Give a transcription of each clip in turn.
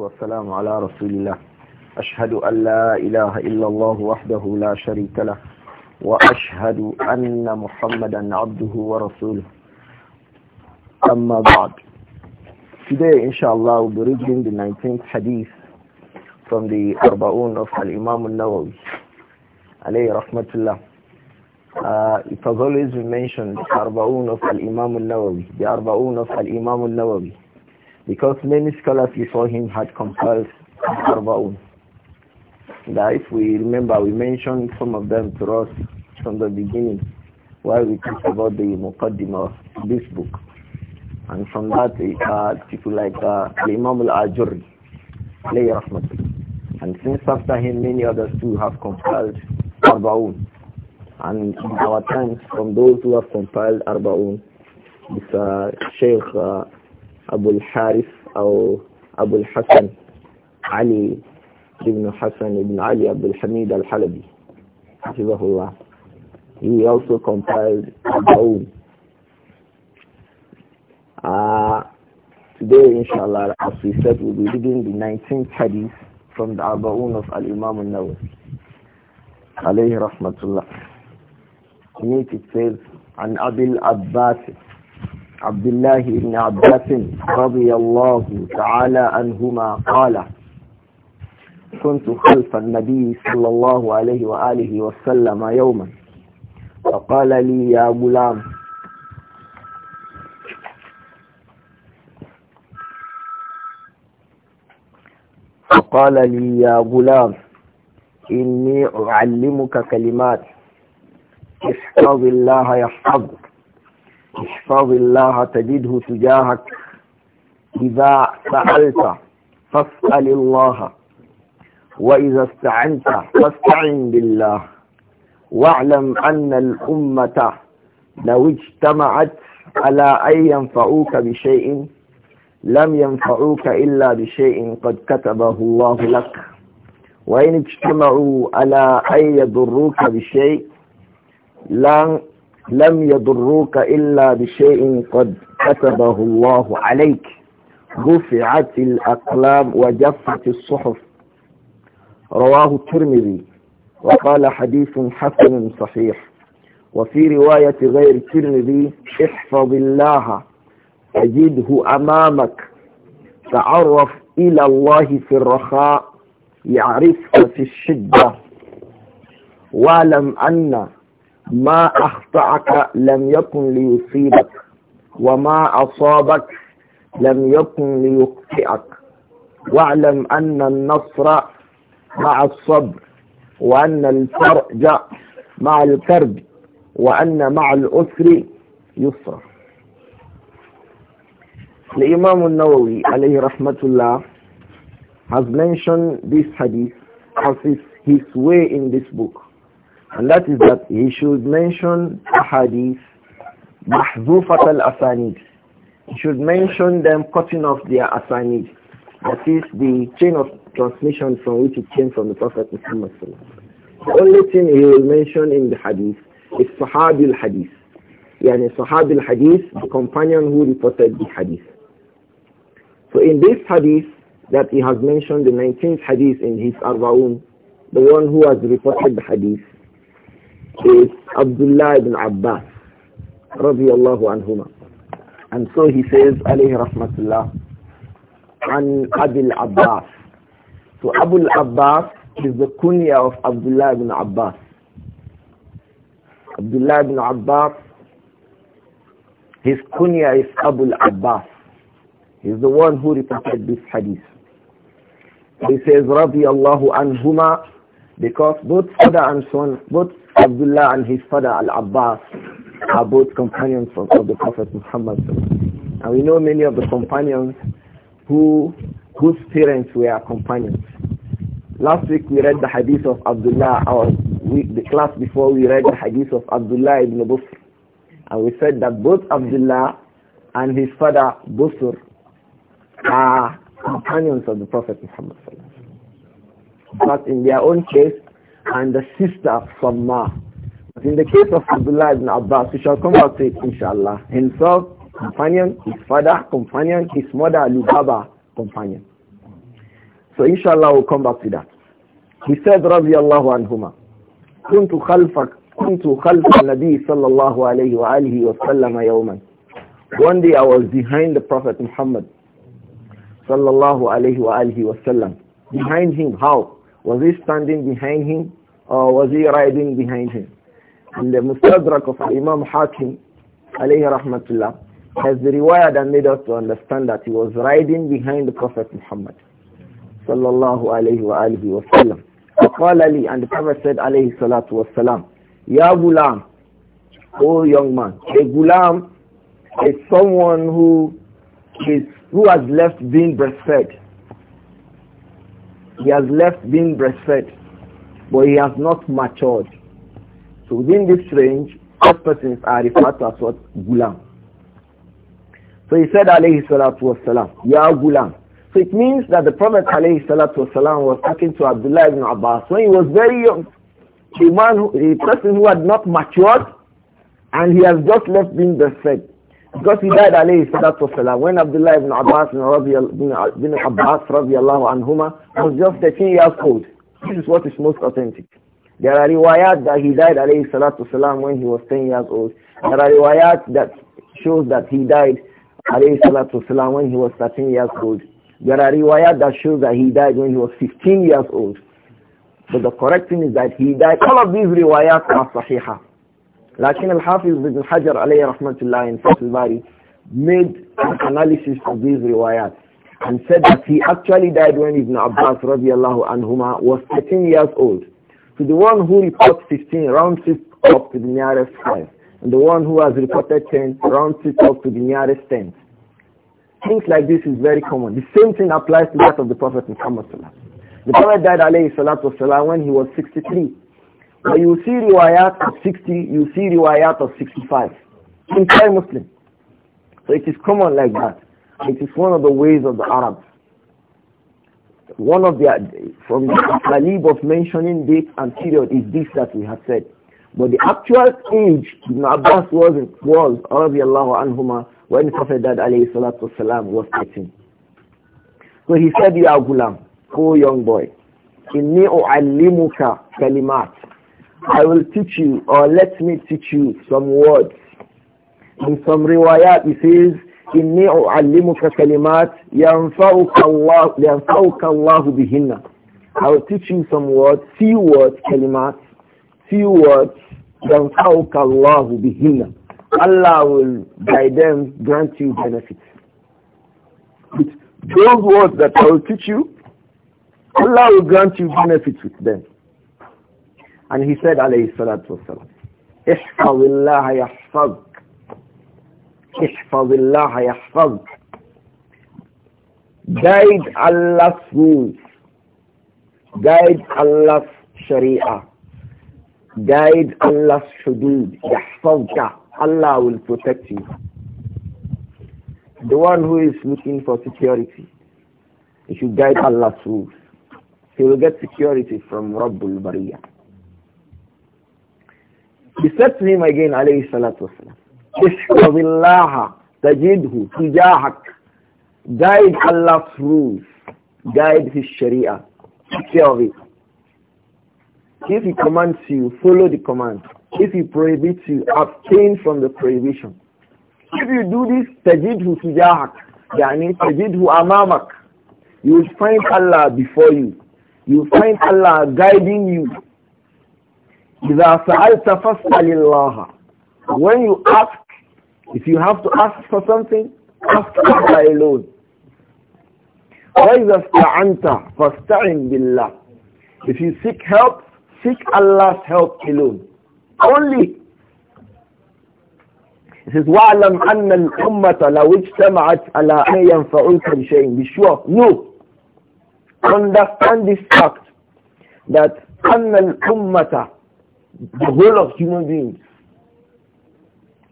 والسلام على رسول الله أشهد أن لا إله إلا الله وحده لا شريك له وأشهد أن محمدا عبده ورسوله أما بعد Today, inshallah, we'll be reading the 19th hadith from the Arba'un of Al-Imam al-Nawawi alayhi rahmatullah uh, it has always been mentioned Arba'un of Al-Imam al-Nawawi the Arba'un of Al-Imam al-Nawawi Because many scholars before him had compiled Arba'un. That if we remember, we mentioned some of them to us from the beginning while we talked about the Muqaddimah of this book. And from that, uh, people like uh, Imam al-Ajuri, and since after him, many others too have compiled Arbaun. And in our times, from those who have compiled Arbaun, is uh, Sheikh uh, أبو الحارث أو أبو الحسن علي بن حسن بن علي عبد الحميد الحلبي حفظه الله He also compiled Al-Ba'um. Uh, today, inshallah, as we said, we'll be reading the 19th hadith from the Arba'un of Al-Imam al-Nawawi. Alayhi rahmatullah. In it, it says, عن أبي العباس عبد الله بن عباس رضي الله تعالى عنهما قال كنت خلف النبي صلى الله عليه وآله وسلم يوما فقال لي يا غلام فقال لي يا غلام إني أعلمك كلمات احفظ الله يحفظك احفظ الله تجده تجاهك إذا سألت فاسأل الله وإذا استعنت فاستعن بالله واعلم أن الأمة لو اجتمعت على أن ينفعوك بشيء لم ينفعوك إلا بشيء قد كتبه الله لك وإن اجتمعوا على أن يضروك بشيء لن لم يضروك إلا بشيء قد كتبه الله عليك رفعت الأقلام وجفت الصحف رواه الترمذي وقال حديث حسن صحيح وفي رواية غير الترمذي احفظ الله تجده أمامك تعرف إلى الله في الرخاء يعرفك في الشدة واعلم أن ما أخطأك لم يكن ليصيبك وما أصابك لم يكن ليخطئك واعلم أن النصر مع الصبر وأن الفرج مع الكرب وأن مع الأسر يسرا الإمام النووي عليه رحمة الله has mentioned this hadith as his way in this book And that is that he should mention hadith mahzufat al-asanid. He should mention them cutting off their asanid. That is the chain of transmission from which it came from the Prophet Muhammad The only thing he will mention in the hadith is sahabi al-hadith. Yani sahabi al-hadith, the companion who reported the hadith. So in this hadith that he has mentioned, the 19th hadith in his Arbaun, the one who has reported the hadith, is Abdullah ibn Abbas radiyallahu anhuma. And so he says, alayhi rahmatullah, an Abil Abbas. So Abul Abbas is the kunya of Abdullah ibn Abbas. Abdullah ibn Abbas, his kunya is Abul Abbas. He's the one who reported this hadith. He says, رضي الله عنهما because both father and son, both Abdullah and his father Al-Abbas are both companions of, of the Prophet Muhammad. And we know many of the companions who whose parents were companions. Last week we read the hadith of Abdullah, our we, the class before we read the hadith of Abdullah ibn Busr. And we said that both Abdullah and his father Busr are companions of the Prophet Muhammad but in their own case, and the sister from Ma. But in the case of Abdullah ibn Abbas, we shall come back to it inshallah. Himself, companion, his father, companion, his mother, Lubaba, companion. So inshallah we'll come back to that. He said, رضي الله عنهما كنت خلفك كنت خلف النبي صلى الله عليه وآله وسلم يوما One day I was behind the Prophet Muhammad صلى الله عليه وآله وسلم Behind him, how? Was he standing behind him or was he riding behind him? And the Mustadrak of Imam Hakim, alayhi rahmatullah, has the riwayah and made us to understand that he was riding behind the Prophet Muhammad sallallahu alayhi wa alihi wa sallam. and the Prophet said alayhi salatu wa salam, Ya gulam, O young man, a gulam is someone who is who has left being breastfed. He has left being breastfed, but he has not matured. So within this range, all persons are referred to as what? Gulam. So he said, alayhi salatu wasalam, Ya Gulam. So it means that the Prophet alayhi salatu wasalam was talking to Abdullah ibn Abbas when he was very young. The man, who, the person who had not matured, and he has just left being breastfed. Because he died alayhi salatu wasalam. When Abdullah ibn Abbas bin, bin Abbas radiallahu anhuma was just 13 years old. This is what is most authentic. There are riwayat that he died alayhi salatu wasalam when he was 10 years old. There are riwayat that shows that he died alayhi salatu wasalam when he was 13 years old. There are riwayat that shows that he died when he was 15 years old. But the correct thing is that he died. All of these riwayat are sahihah. Lakin al-Hafiz ibn Hajar alayhi rahmatullah in Fatul Bari made an analysis of these riwayat and said that he actually died when Ibn Abbas radiallahu anhuma was 13 years old. To so the one who reports 15, rounds it up to the nearest 5. And the one who has reported 10, rounds it up to the nearest 10. Things like this is very common. The same thing applies to that of the Prophet Muhammad. The Prophet died alayhi salatu wasalam when he was 63. But you see riwayat of 60, you see riwayat of 65. Entire Muslim. So it is common like that. It is one of the ways of the Arabs. One of the, from the talib of mentioning date and period is this that we have said. But the actual age Ibn Abbas was, was radiallahu anhuma, when the Prophet died alayhi salatu wasalam, was 13. So he said, Ya gulam, O young boy, o u'allimuka kalimat. I will teach you or let me teach you some words. In some riwayat it says, إِنِّي أُعَلِّمُكَ كَلِمَاتٍ يَنْفَعُكَ اللَّهُ, ينفعك الله بِهِنَّ I will teach you some words, few words, kalimat, few words, يَنْفَعُكَ اللَّهُ بِهِنَّ Allah will, by them, grant you benefits. With those words that I will teach you, Allah will grant you benefits with them. And he said, alayhi salatu wasalam, احفظ الله يحفظك احفظ الله guide Allah's rules guide Allah's sharia guide Allah's hudud يحفظك Allah will protect you the one who is looking for security he should guide Allah's rules he will get security from Rabbul Bariyah he said to him again, alayhi salatu wasalam, Allah, tajidhu tujahak. Guide Allah's rules. Guide His Sharia. Take care of it. If He commands you, follow the command. If He prohibits you, abstain from the prohibition. If you do this, tajidhu tujahak. Yani tajidhu amamak. You will find Allah before you. You will find Allah guiding you إذا سألت فاسأل الله when you ask if you have to ask for something ask Allah alone وإذا استعنت فاستعن بالله if you seek help seek Allah's help alone only It says, وَعْلَمْ أَنَّ الْأُمَّةَ لَوْ اجْتَمَعَتْ عَلَىٰ أَنْ يَنْفَعُوكَ بِشَيْءٍ Be sure. No. Understand this fact that أَنَّ الْأُمَّةَ the whole of human beings.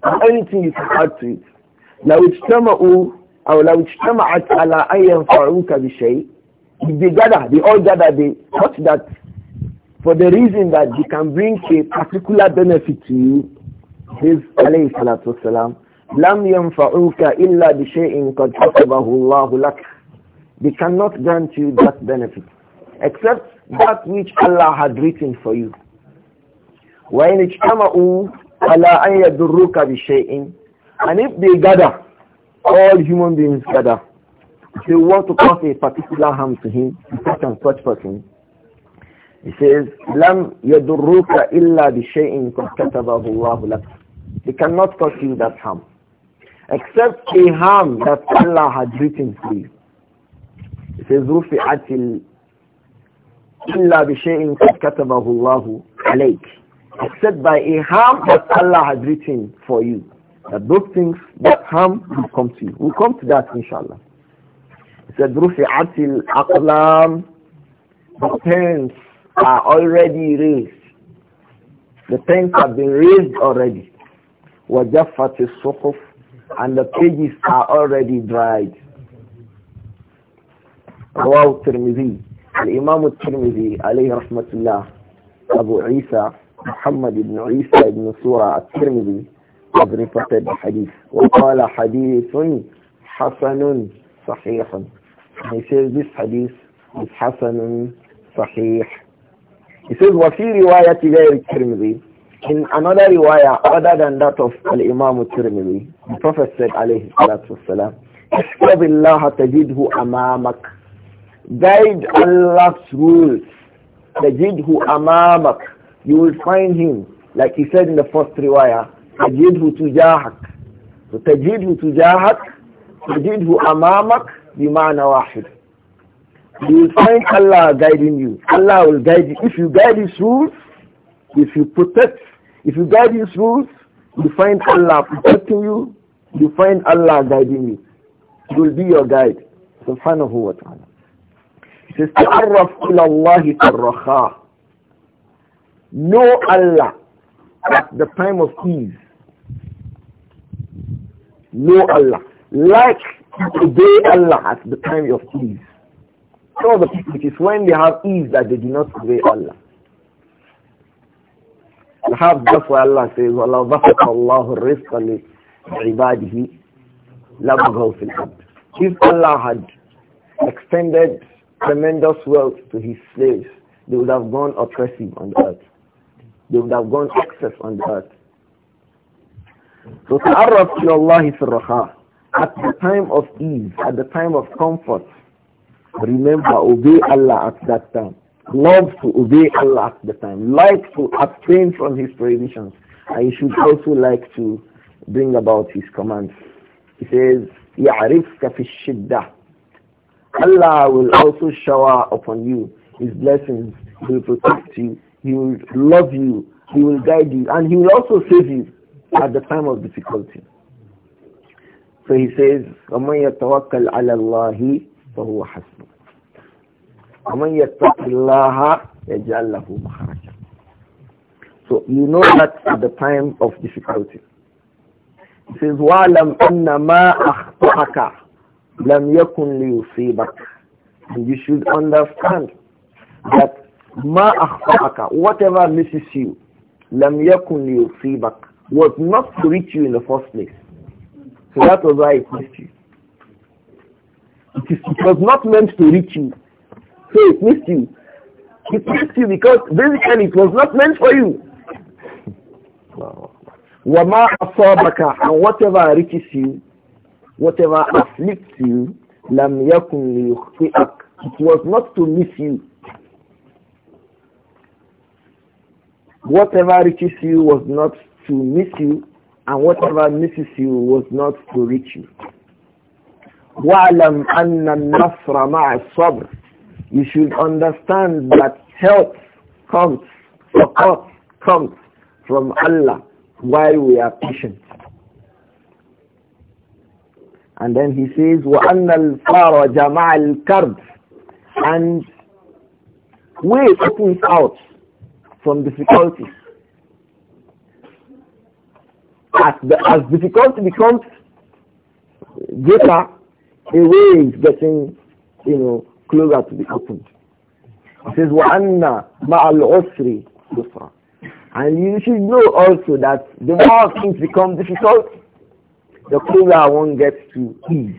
Anything you can add to it. Now, لو اجتمعوا أو لو at على ayam ينفعوك بشيء if they gather, they all gather, they touch that for the reason that they can bring a particular benefit to you, His alayhi salatu wasalam, لَمْ يَنْفَعُوكَ إِلَّا بِشَيْءٍ قَدْ كَتَبَهُ اللَّهُ لَكَ They cannot grant you that benefit, except that which Allah had written for you wa in ijtama'u "Allah an yadurruka bi shay'in and if they gather all human beings gather they want to cause a particular harm to him such and such person he says lam yadurruka illa bi shay'in katabahu Allah lak he cannot cause you that harm except a harm that Allah had written for you he says rufi'at illa bi shay'in katabahu Allah alayk except by a harm that Allah has written for you. That those things, that harm will come to you. We'll come to that inshallah. He said, al الْأَقْلَامِ The pens are already raised. The pens have been raised already. وَجَفَّتِ الصُّحُفِ And the pages are already dried. رواه الترمذي imam al عليه alayhi الله Abu Isa. Muhammad ibn Isa ibn Surah at-Tirmidhi has reported the hadith. وقال حديث حسن صحيح. He says this hadith is حسن صحيح. He says وفي رواية غير الترمذي in another riwayah other than that of al-Imam al-Tirmidhi, the Prophet said alayhi salatu wasalam, احفظ الله تجده أمامك guide Allah's rules تجده أمامك you will find him, like he said in the first riwayah, تجده تجاهك. So تجده تجاهك, تجده أمامك بمعنى واحد. You will find Allah guiding you. Allah will guide you. If you guide His rules, if you protect, if you guide His rules, you find Allah protecting you, you find Allah guiding you. He will be your guide. Subhanahu wa ta'ala. It says, تَعَرَّفْ إِلَى اللَّهِ تَرَّخَاهُ know Allah at the time of ease. Know Allah. Like obey Allah at the time of ease. Some of the people, it is when they have ease that they do not obey Allah. Perhaps that's why Allah says, وَلَوْ بَسَطَ اللَّهُ الرِّزْقَ لِعِبَادِهِ لَبَغَوْا فِي الْأَرْضِ If Allah had extended tremendous wealth to his slaves, they would have gone oppressive on the earth. They would have gone excess on the earth. So our إلى الله في At the time of ease, at the time of comfort, remember, obey Allah at that time. Love to obey Allah at the time. Like to abstain from His prohibitions. And you should also like to bring about His commands. He says, يعرفك في الشدة Allah will also shower upon you His blessings. He will protect you he will love you. He will guide you. And he will also save you at the time of difficulty. So he says, وَمَنْ يَتَوَكَّلْ عَلَى اللَّهِ فَهُوَ حَسْبُهُ وَمَنْ يَتَّقِ اللَّهَ يَجْعَلْ لَهُ مَخْرَجًا So you know that at the time of difficulty. He says, وَعْلَمْ أَنَّ مَا أَخْطَأَكَ لَمْ يَكُنْ لِيُصِيبَكَ And you should understand that ma akhfa'aka whatever misses you lam yakun liyusibak was not to reach you in the first place so that was why it missed you it, is, it was not meant to reach you so it missed you it missed you because basically it was not meant for you wama asabaka and whatever reaches you whatever afflicts you lam yakun liyusibak it was not to miss you Whatever reaches you was not to miss you, and whatever misses you was not to reach you. وَعْلَمْ أَنَّ النَّصْرَ مَعَ الصَّبْرِ You should understand that help comes, support comes from Allah while we are patient. And then he says, وَأَنَّ الْفَارَ جَمَعَ karb And way opens out from difficulty. As, the, as difficulty becomes greater, the way is getting, you know, closer to the open. It says, وَأَنَّ مَعَ الْعُسْرِ يُسْرًا And you should know also that the more things become difficult, the closer one gets to ease.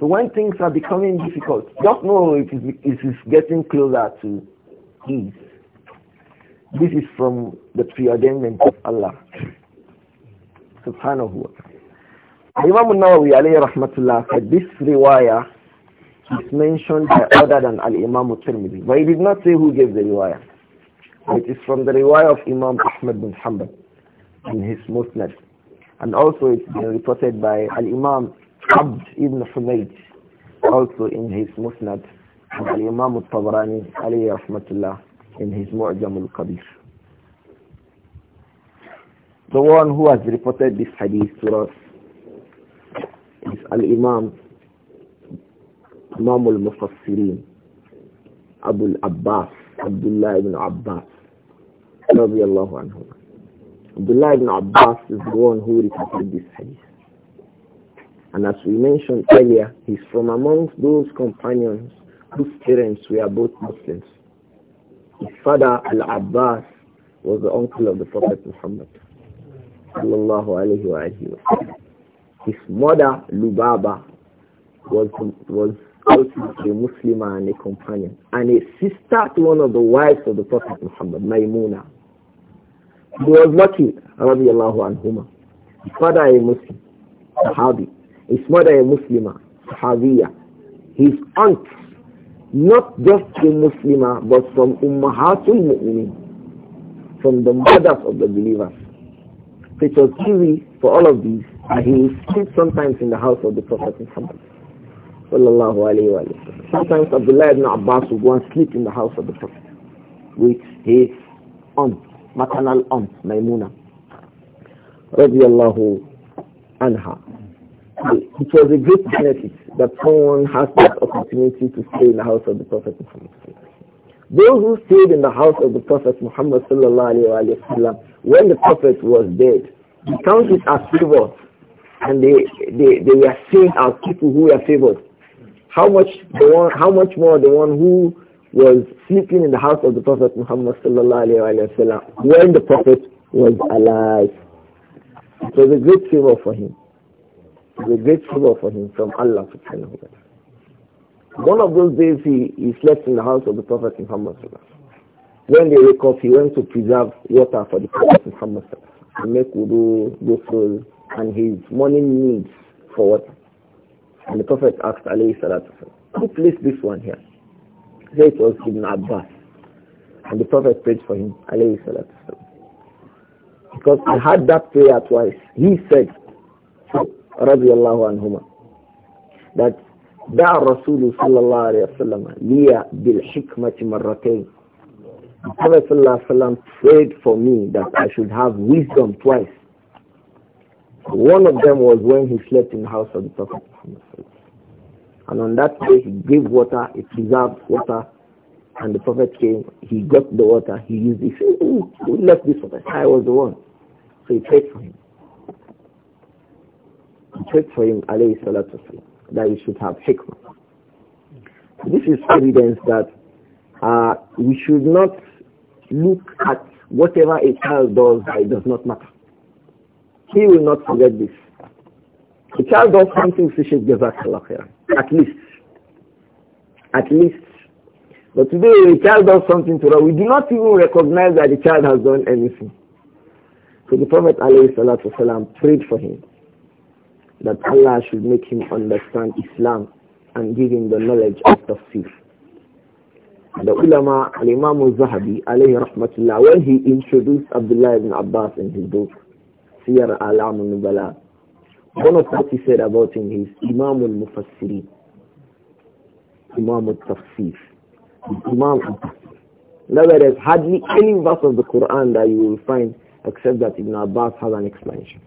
So when things are becoming difficult, just know it is, it is getting closer to he. Hmm. This is from the preordainment of Allah. Subhanahu wa ta'ala. Imam nawawi alayhi rahmatullah said this riwayah is mentioned by other than al-Imam al-Tirmidhi. But he did not say who gave the riwayah. It is from the riwayah of Imam Ahmad bin Hanbal in his Musnad. And also it's been reported by al-Imam Abd ibn Humayd also in his Musnad from Al-Imam al-Tabrani, alayhi rahmatullah, in his Mu'jam al-Qabir. The one who has reported this hadith to us is Al-Imam Imam al-Mufassirin, Abu al-Abbas, Abdullah ibn Abbas, radiallahu anhu. Abdullah ibn Abbas is the one who reported this hadith. And as we mentioned earlier, he's from amongst those companions whose parents were both Muslims. His father, Al-Abbas, was the uncle of the Prophet Muhammad. His mother, Lubaba, was, was also a Muslim and a companion, and a sister to one of the wives of the Prophet Muhammad, Maimuna. He was lucky, radiallahu anhuma. His father a Muslim, Sahabi. His mother a Muslimah, Sahabiya. His aunt not just a Muslimah, but from Ummahatul Mu'mineen, from the mothers of the believers. So was easy for all of these, and he would sometimes in the house of the Prophet Muhammad. Sallallahu alayhi wa alayhi. Sometimes Abdullah ibn Abbas would go and sleep in the house of the Prophet with his aunt, maternal aunt, Maimuna, radiallahu anha it was a great benefit that someone has that opportunity to stay in the house of the Prophet Muhammad. Those who stayed in the house of the Prophet Muhammad وسلم, when the Prophet was dead, he counted as favored and they, they, they were seen as people who were favored. How much, the one, how much more the one who was sleeping in the house of the Prophet Muhammad وسلم, when the Prophet was alive. It was a great favor for him. The a great favor for him from Allah subhanahu wa One of those days he, he slept in the house of the Prophet Muhammad When they wake up, he went to preserve water for the Prophet Muhammad to make wudu, ghusl, and his morning needs for water. And the Prophet asked alayhi salatu who placed this one here? He said it was Ibn Abbas. And the Prophet prayed for him alayhi salatu Because I had that prayer twice. He said, radiallahu anhuma, that دعا الرسول صلى الله عليه وسلم لي بالحكمة The Prophet صلى prayed for me that I should have wisdom twice. One of them was when he slept in the house of the Prophet And on that day he gave water, it deserved water, and the Prophet came, he got the water, he used it, he oh, left this the I was the one. So he prayed for him prayed for him, salatu that he should have hikmah. This is evidence that uh, we should not look at whatever a child does, it does not matter. He will not forget this. A child does something, he should give us at least. At least. But today, a child does something to us, we do not even recognize that the child has done anything. So the Prophet ﷺ prayed for him that Allah should make him understand Islam and give him the knowledge of tafsir. The ulama, Imam al-Zahabi, alayhi rahmatullah, when he introduced Abdullah ibn Abbas in his book, Siyar al-Alam al-Nubala, one of what he said about him is Imam al-Mufassirin, Imam al-Tafsir, Imam al In other words, hardly any verse of the Quran that you will find except that Ibn Abbas has an explanation.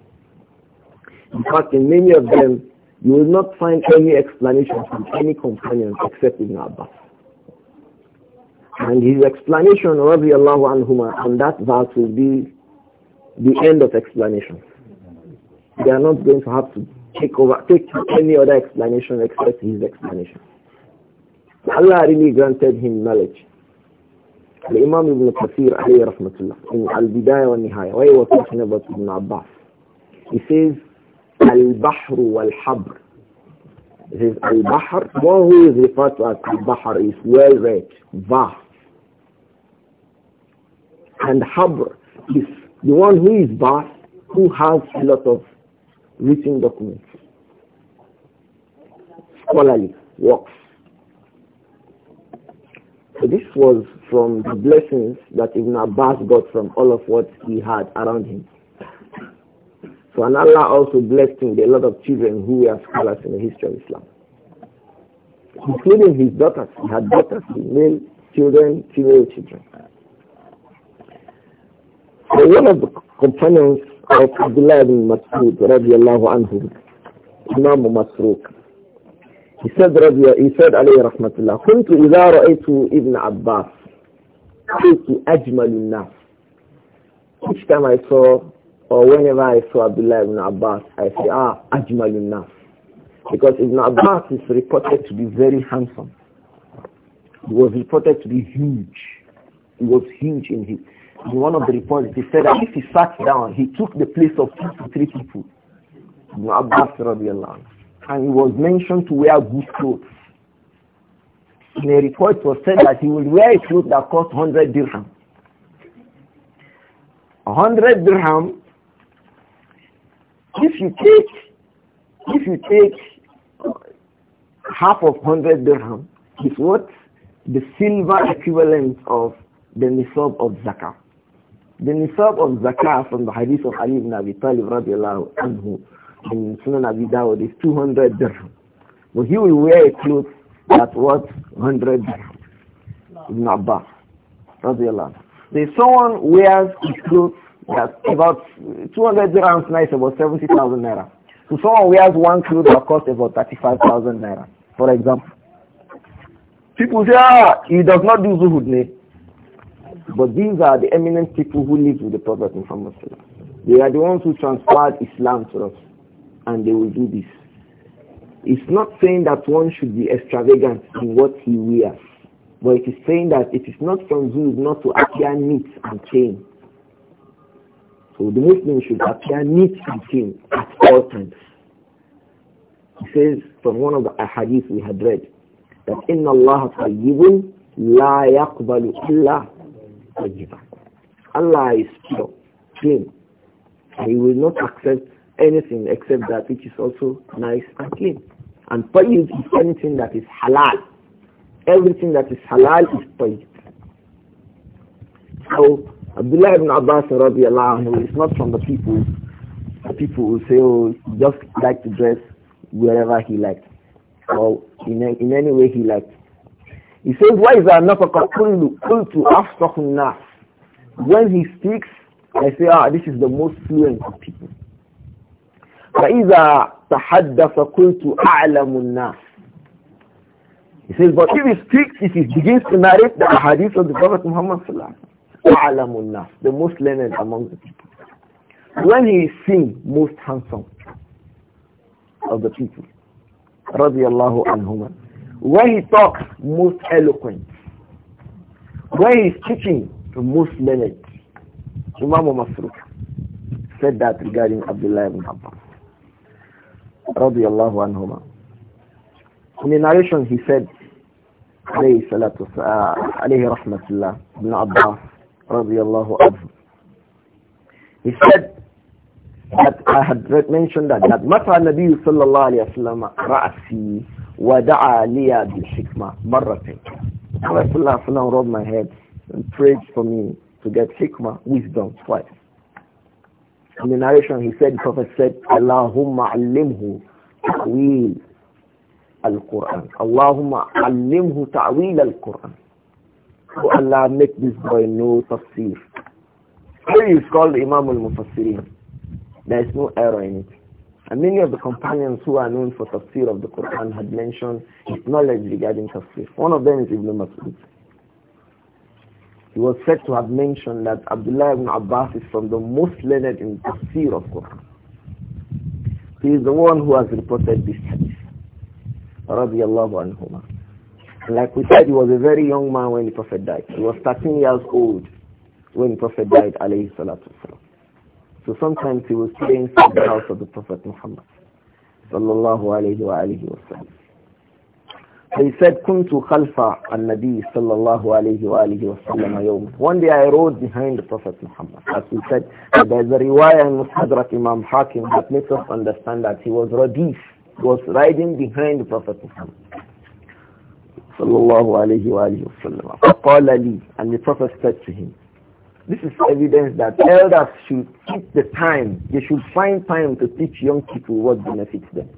In fact, in many of them, you will not find any explanation from any companion except Ibn Abbas. And his explanation, radiallahu anhuma, on that verse will be the end of explanation. They are not going to have to take over, take any other explanation except his explanation. Allah really granted him knowledge. The Imam Ibn Kathir alayhi rahmatullah in Al-Bidayah wa al-Nihayah, why he was talking about Ibn Abbas. He says, Al-Bahru al habr This is Al-Bahr. One who is referred to as Al-Bahr is well-read, vast. And Habr is the one who is vast, who has a lot of written documents, scholarly works. So this was from the blessings that Ibn Abbas got from all of what he had around him. So and Allah also blessed him with a lot of children who were scholars in the history of Islam. Including his daughters. He had daughters, male children, female children. So one of the companions of Abdullah ibn Mas'ud, radiallahu anhu, Imam Masrook, he said, he said alayhi rahmatullah, كنت إذا رأيت ابن عباس كنت أجمل الناس. Each time I saw or whenever I saw Abdullah ibn Abbas, I say, ah, Ajmal Nas. Because Ibn Abbas is reported to be very handsome. He was reported to be huge. He was huge in his. In one of the reports, he said that if he sat down, he took the place of two to three people. Ibn Abbas radiallahu And he was mentioned to wear good clothes. In a report, it was said that he would wear a suit that cost 100 dirham. 100 dirham if you take, if you take uh, half of 100 dirham, is what the silver equivalent of the nisab of zakah. The nisab of zakah from the hadith of Ali ibn Abi Talib radiallahu anhu in Sunan Abi Dawud is 200 dirham. But he will wear a cloth that was 100 dirham. Ibn Abbas radiallahu anhu. So if someone wears a cloth that's about 200 dirhams nice about 70,000 naira. So someone wears one clothes that costs about 35,000 naira, for example. People say, ah, he does not do zuhud, But these are the eminent people who live with the Prophet Muhammad They are the ones who transferred Islam to us. And they will do this. It's not saying that one should be extravagant in what he wears. But it is saying that it is not from Jews not to appear neat and clean. So the Muslim should appear neat and clean at all times. He says from one of the ahadith we had read that inna Allah tayyibun la yaqbalu illa tayyiban. Allah is pure, clean. He will not accept anything except that which is also nice and clean. And tayyib is anything that is halal. Everything that is halal is tayyib. So Abdullah ibn Abbas anhu is not from the people the people who say oh just like to dress wherever he liked or in, a, in any way he liked. He says why is there not a kullu kultu afsahun nas when he speaks I say ah this is the most fluent of people. فإذا تحدث قلت أعلم الناس He says, but if he speaks, if he begins to narrate the hadith of the Prophet Muhammad sallallahu the most learned among the people. When he is seen, most handsome of the people. Radiallahu anhuma. When he talks, most eloquent. When he is teaching, the most learned. Imam Masruq said that regarding Abdullah ibn Abbas. Radiallahu anhuma. In the narration he said, عليه الصلاة والسلام عليه رحمة الله radiallahu anhu. He said that I had mentioned that that Mata Nabi sallallahu alayhi wa sallam ra'asi wa da'a liya bil hikmah marratin. Prophet sallallahu alayhi wa rubbed my head and prayed for me to get hikmah, wisdom, twice. In the narration he said, the Prophet said, Allahumma allimhu ta'wil al-Qur'an. Allahumma allimhu ta'wil al-Qur'an. Allah make this boy no tafsir. is called Imam al-Mufassirin. There is no error in it. And many of the companions who are known for tafsir of the Quran had mentioned his knowledge regarding tafsir. One of them is Ibn Mas'ud. He was said to have mentioned that Abdullah ibn Abbas is from the most learned in tafsir of Quran. He is the one who has reported this hadith. رضي الله عنهما like we said, he was a very young man when the Prophet died. He was 13 years old when the Prophet died, alayhi salatu wasalam. So sometimes he was staying in the house of the Prophet Muhammad, sallallahu alayhi wa alayhi wasalam. So he said, كنت خلف النبي صلى الله عليه وآله وسلم One day I rode behind the Prophet Muhammad. As we said, there's a riwayah in Mustadrak Imam Hakim that makes us understand that he was radif, he was riding behind the Prophet Muhammad sallallahu alayhi wa sallam. Faqala and the Prophet said to him, this is evidence that elders should keep the time. They should find time to teach young people what benefits them.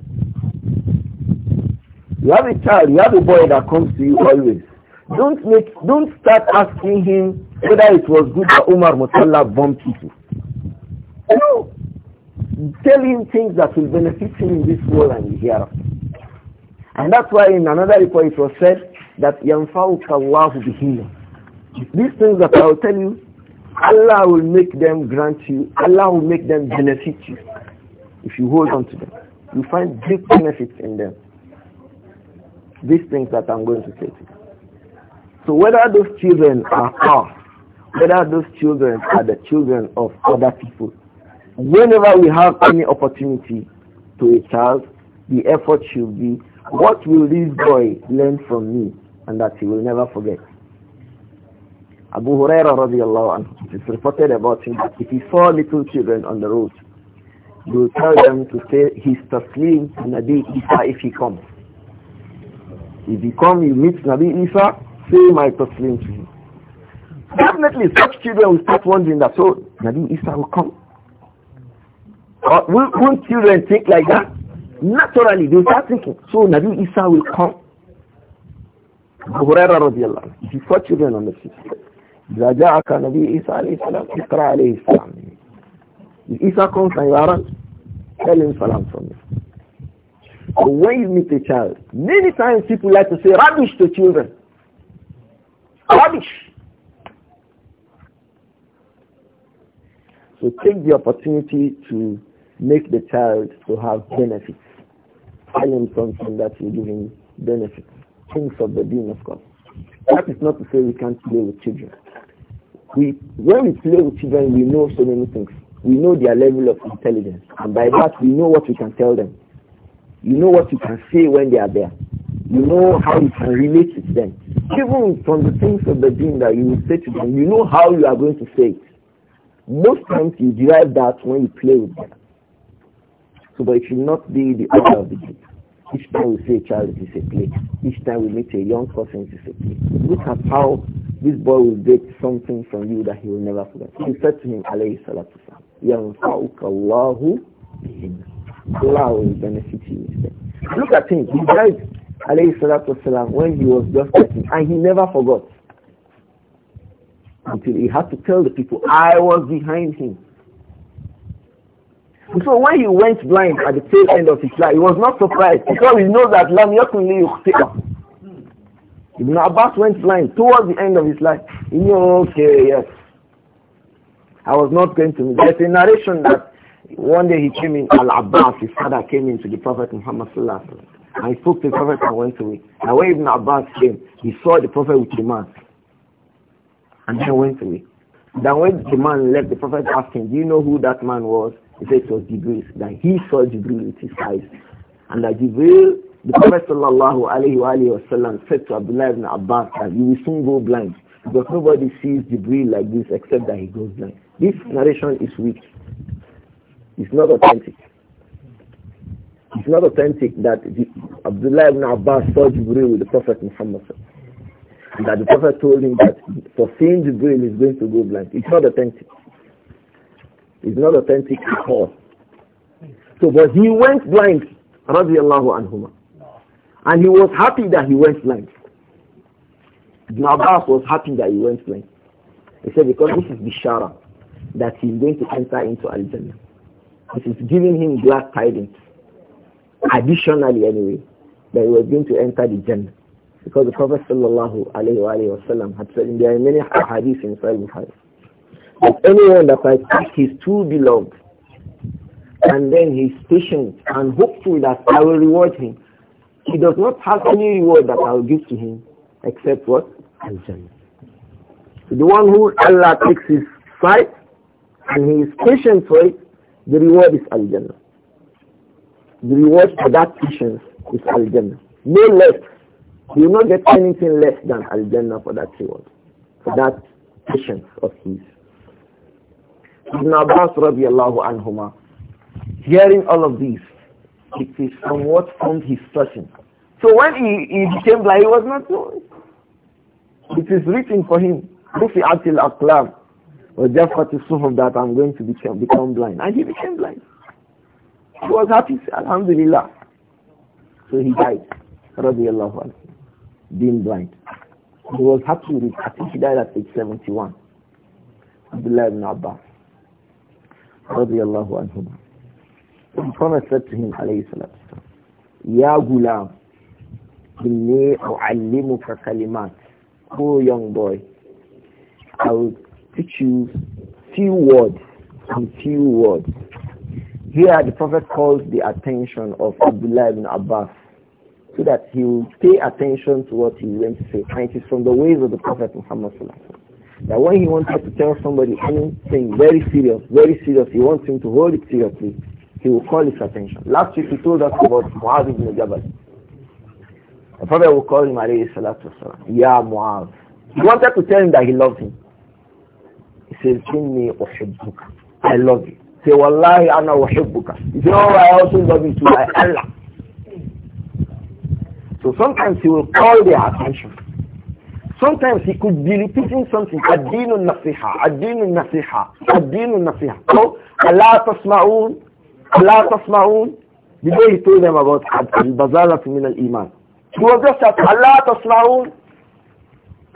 You have a child, you have a boy that comes to you always. Don't make, don't start asking him whether it was good that Umar Mutalla bombed people. No. Tell him things that will benefit him in this world and hereafter. And that's why in another report it was said that يَنْفَعُكَ اللَّهُ بِهِنَّ These things that I will tell you, Allah will make them grant you, Allah will make them benefit you if you hold on to them. You find great benefits in them. These things that I'm going to say to you. So whether those children are ours, whether those children are the children of other people, whenever we have any opportunity to a child, the effort should be what will this boy learn from me and that he will never forget? Abu Huraira radiallahu anhu, it is reported about him that if he saw little children on the road, he will tell them to say his taslim to Nabi Isa if he comes. If he comes, you meet Nabi Isa, say my taslim to him. Definitely such children will start wondering that, so oh, Nabi Isa will come. will, won't children think like that? Naturally, they start thinking. So Nabi Isa will come. If you radiallahu anhu. He saw children on the street. إذا جاءك Isa عيسى عليه السلام اقرأ عليه If Isa comes and you are tell him salam from me. So when you meet a child, many times people like to say rubbish to children. Rubbish. So take the opportunity to make the child to have benefits. I am something that giving give benefit. Things of the being of course. That is not to say we can't play with children. We, when we play with children, we know so many things. We know their level of intelligence. And by that, we know what we can tell them. You know what you can say when they are there. You know how you can relate with them. Even from the things of the being that you will say to them, you know how you are going to say it. Most times you derive that when you play with them. So, but it should not be the order of the game. Each time we see a child, is a play. Each time we meet a young person, is a play. Look at how this boy will get something from you that he will never forget. He said to him, alayhi salatu Allahu Allah will benefit you with them. Look at him. He died, alayhi salatu wasalam, when he was just 13, and he never forgot. Until he had to tell the people, I was behind him. So when he went blind at the tail end of his life, he was not surprised because he knows that Lam Yakunli Yukhti'ah. Ibn Abbas went blind towards the end of his life. He knew, okay, yes. I was not going to. There's a narration that one day he came in, Al-Abbas, his father came in to the Prophet Muhammad Sallallahu Alaihi Wasallam. And he spoke to the Prophet and went away. And when Ibn Abbas came, he saw the Prophet with the man. And then went away. Then when the man left, the Prophet asked him, do you know who that man was? He said it was Jibril, that he saw Jibril with his eyes. And that Jibril, the Prophet sallallahu alayhi wa, sallam, said to Abdullah ibn Abbas that you will soon go blind because nobody sees Jibril like this except that he goes blind. This narration is weak. It's not authentic. It's not authentic that Abdullah ibn Abbas saw Jibril with the Prophet Muhammad and that the Prophet told him that for seeing Jibril is going to go blind. It's not authentic. It's not authentic at all. So, but he went blind, radiallahu anhuma. And he was happy that he went blind. Ibn Abbas was happy that he went blind. He said, because this is Bishara, that he's going to enter into Al-Jannah. This is giving him glad tidings. Additionally, anyway, that he was going to enter the Jannah. Because the Prophet sallallahu alayhi alayhi wa sallam, had said, there are many hadiths in Sahih Bukhari. If anyone that I touch his true beloved, and then he is patient and hopeful that I will reward him, he does not have any reward that I will give to him except what? Al-Jannah. The one who Allah takes his side and he is patient for it, the reward is Al-Jannah. The reward for that patience is Al-Jannah. No less. You will not get anything less than Al-Jannah for that reward, for that patience of his. Ibn Abbas radiallahu anhuma, hearing all of this, it is from what formed his person. So when he, he became blind, he was not known. It is written for him, Rufi Atil Aklam, or Jafat Suhuf, that I'm going to become, become blind. And he became blind. He was happy, Alhamdulillah. So he died, radiallahu anhu, being blind. He was happy with it. I think he died at age 71. Abdullah ibn Abbas radiallahu anhum. The Prophet said to him, alayhi salatu Ya gulam, inni u'allimuka kalimat. Oh young boy, I will teach you few words and few words. Here the Prophet calls the attention of Abdullah ibn Abbas so that he will pay attention to what he went to say. And it is from the ways of the Prophet Muhammad sallallahu that when he wanted to tell somebody anything very serious, very serious, he wants him to hold it seriously, he will call his attention. Last week he told us about Muaz ibn Jabal. The Prophet will call him alayhi salatu wasalam, Ya Muaz. He wanted to tell him that he loved him. He says, Inni uhibbuka. I love you. Say, Wallahi ana uhibbuka. He said, Oh, I also love you too. I Allah. So sometimes he will call their attention. Sometimes he could be repeating something. Ad-dinu nasiha, ad-dinu nasiha, ad-dinu nasiha. So, Allah tasma'un, Allah tasma'un. The day he told them about al-bazalat min al-iman. He was just at Allah tasma'un,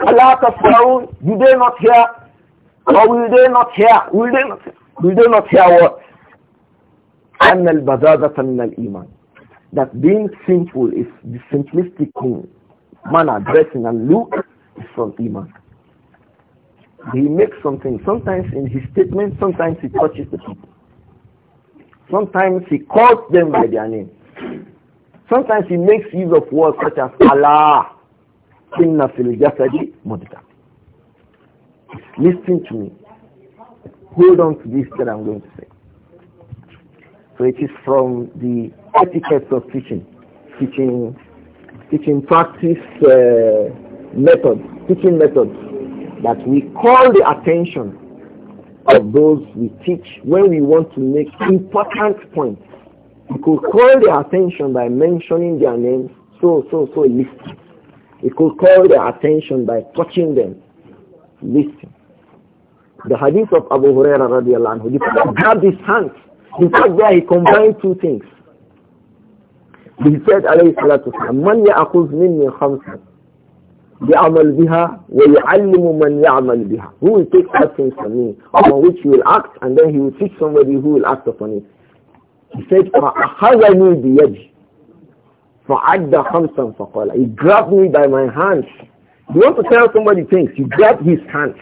Allah tasma'un. Do they not hear? Or will they not hear? Will they not, will they not hear what? أن البزازة من iman," that being sinful is the simplistic man addressing. and look from Iman. He makes something, sometimes in his statement, sometimes he touches the people. Sometimes he calls them by their name. Sometimes he makes use of words such as Allah, Inna fil Listen to me. Hold on to this that I'm going to say. So it is from the etiquette of teaching, teaching, teaching practice. Uh, Method, teaching method, that we call the attention of those we teach when we want to make important points. We could call their attention by mentioning their names, so, so, so, listen. We could call their attention by touching them, listen. The hadith of Abu Huraira radiallahu anhu, the Prophet grabbed his hand. In fact, there he combined two things. He said, alayhi salatu wasalam, man ya'akuz minni khamsan بِعَمَلْ بِهَا وَيُعَلِّمُ مَنْ يَعْمَلْ بِهَا Who will take actions from me, upon which he will act, and then he will teach somebody who will act upon it. He said, فَأَخَذَنِي بِيَدِي فَعَدَّ خَمْسًا فَقَالَ He grabbed me by my hands. You want to tell somebody things, you grab his hands.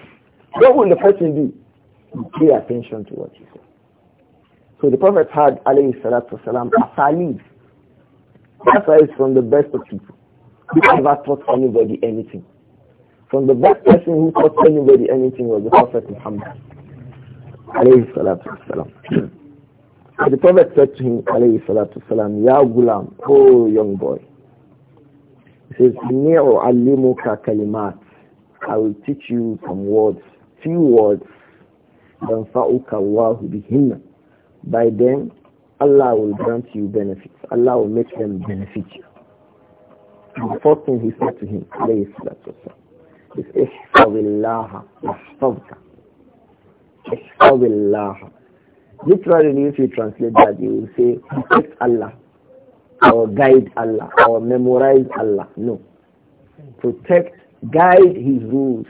What will the person do? You pay attention to what he said. So the Prophet had, alayhi salatu wasalam, asalib. That's why he's from the best of people. Who ever taught anybody anything? From the best person who taught anybody anything was the Prophet Muhammad. Alayhi salatu wasalam. the Prophet said to him, alayhi salatu wasalam, Ya gulam, oh young boy. He says, alimuka kalimat. I will teach you some words, few words. ينفعك الله بهن by them Allah will grant you benefits. Allah will make them benefit you. The first thing he said to him, alayhi salatu wasalam, is ihfazillaha yahfazka. Literally, if you translate that, you will say, protect Allah, or guide Allah, or memorize Allah. No. Protect, guide his rules.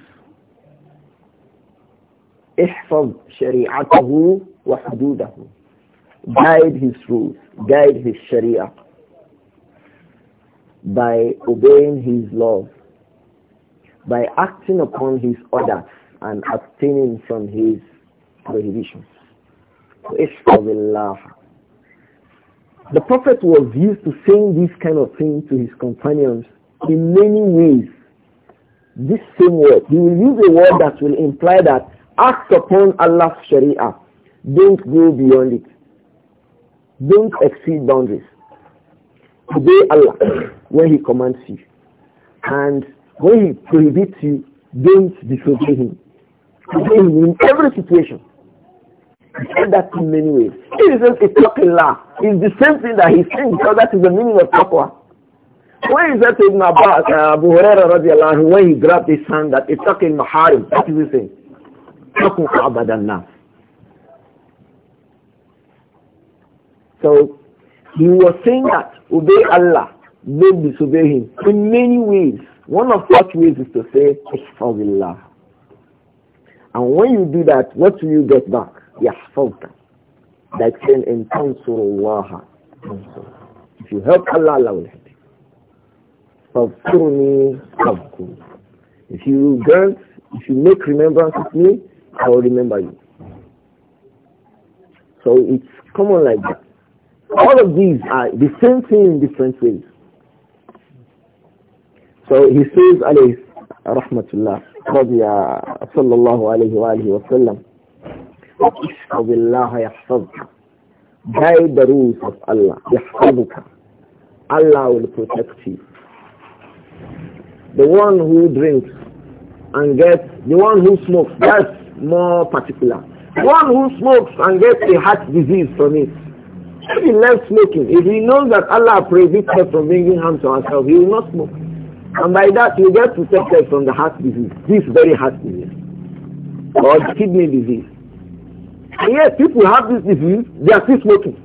shari'atahu wa وحدوده guide his rules guide his sharia by obeying his laws, by acting upon his orders and abstaining from his prohibitions. The Prophet was used to saying this kind of thing to his companions in many ways. This same word, he will use a word that will imply that act upon Allah's Sharia. Don't go beyond it. Don't exceed boundaries obey Allah when He commands you. And when He prohibits you, don't disobey Him. Obey Him in every situation. He said that in many ways. It isn't a talking laugh. It's the same thing that he's saying because that is the meaning of taqwa. When he said to Ibn Abbas, uh, Abu Huraira radiallahu when he grabbed his hand that it's talking maharim, that is the saying? Talking abadan nas. So he was saying that obey Allah, don't disobey him in many ways. One of such ways is to say, Ihfazillah. And when you do that, what do you get back? Yahfazka. Like saying, in tansurullaha. If you help Allah, Allah will help you. If you grant, if you make remembrance of me, I will remember you. So it's common like that. All of these are the same thing in different ways. So he says, alayhi rahmatullah, رضي صلى الله عليه وآله وسلم, احفظ الله يحفظك. By the rules of Allah, يحفظك. Allah will protect you. The one who drinks and gets, the one who smokes, that's more particular. The one who smokes and gets a heart disease from it, if he left smoking, if he knows that Allah prevents her from bringing harm to herself, he will not smoke. And by that, you get protected from the heart disease, this very heart disease, or the kidney disease. And yet, people have this disease, they are still smoking.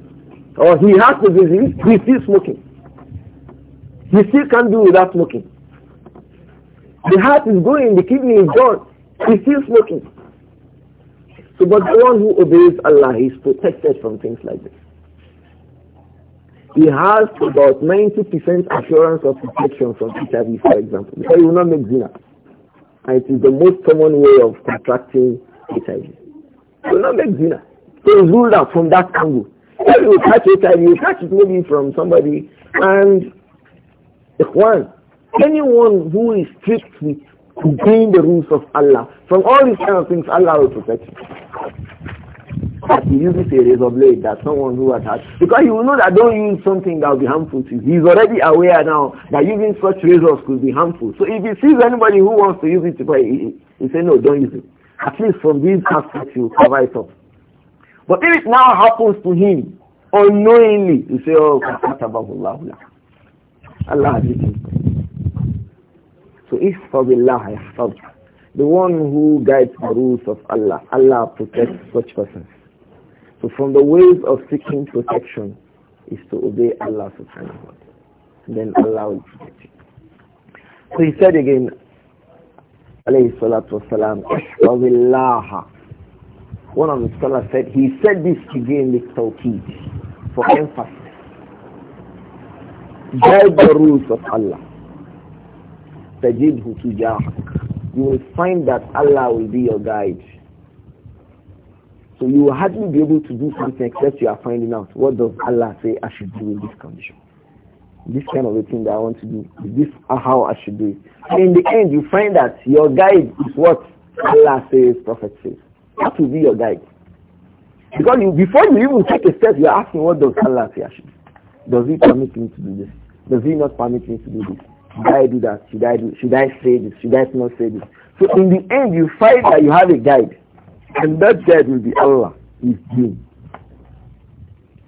Or he has the disease, he's still smoking. He still can't do without smoking. The heart is going, the kidney is gone, he's still smoking. So, but the one who obeys Allah is protected from things like this he has about 90% assurance of protection from HIV, for example, because he will not make zina. And it is the most common way of contracting HIV. He will not make zina. So he's ruled out from that angle. If you catch HIV, you catch it maybe from somebody. And one, anyone who is strict with obeying the rules of Allah, from all these kind of things, Allah will protect you that he uses a razor blade that someone who has had. Because he will know that don't use something that will be harmful to you. He's already aware now that using such razors could be harmful. So if he sees anybody who wants to use it, he, he say no, don't use it. At least from these aspects, you cover it up. But if it now happens to him unknowingly, you say, oh, Allah has written. So if for Allah, the one who guides the rules of Allah, Allah protects such persons. So from the ways of seeking protection is to obey Allah subhanahu wa ta'ala. Then Allah will protect you. So he said again, alayhi salatu wasalam, One of the scholars said, he said this again with tawqeed, for emphasis. Guide the rules of Allah. Tajidhu tujahak. You will find that Allah will be your guide. So you will hardly be able to do something except you are finding out what does Allah say I should do in this condition. This kind of a thing that I want to do. Is this how I should do it? And in the end, you find that your guide is what Allah says, Prophet says. That will be your guide. Because you, before you even take a step, you are asking what does Allah say I should do? Does he permit me to do this? Does he not permit me to do this? Should I do that? Should I do? Should I say this? Should I not say this? So in the end, you find that you have a guide. And that guide will be Allah, his you.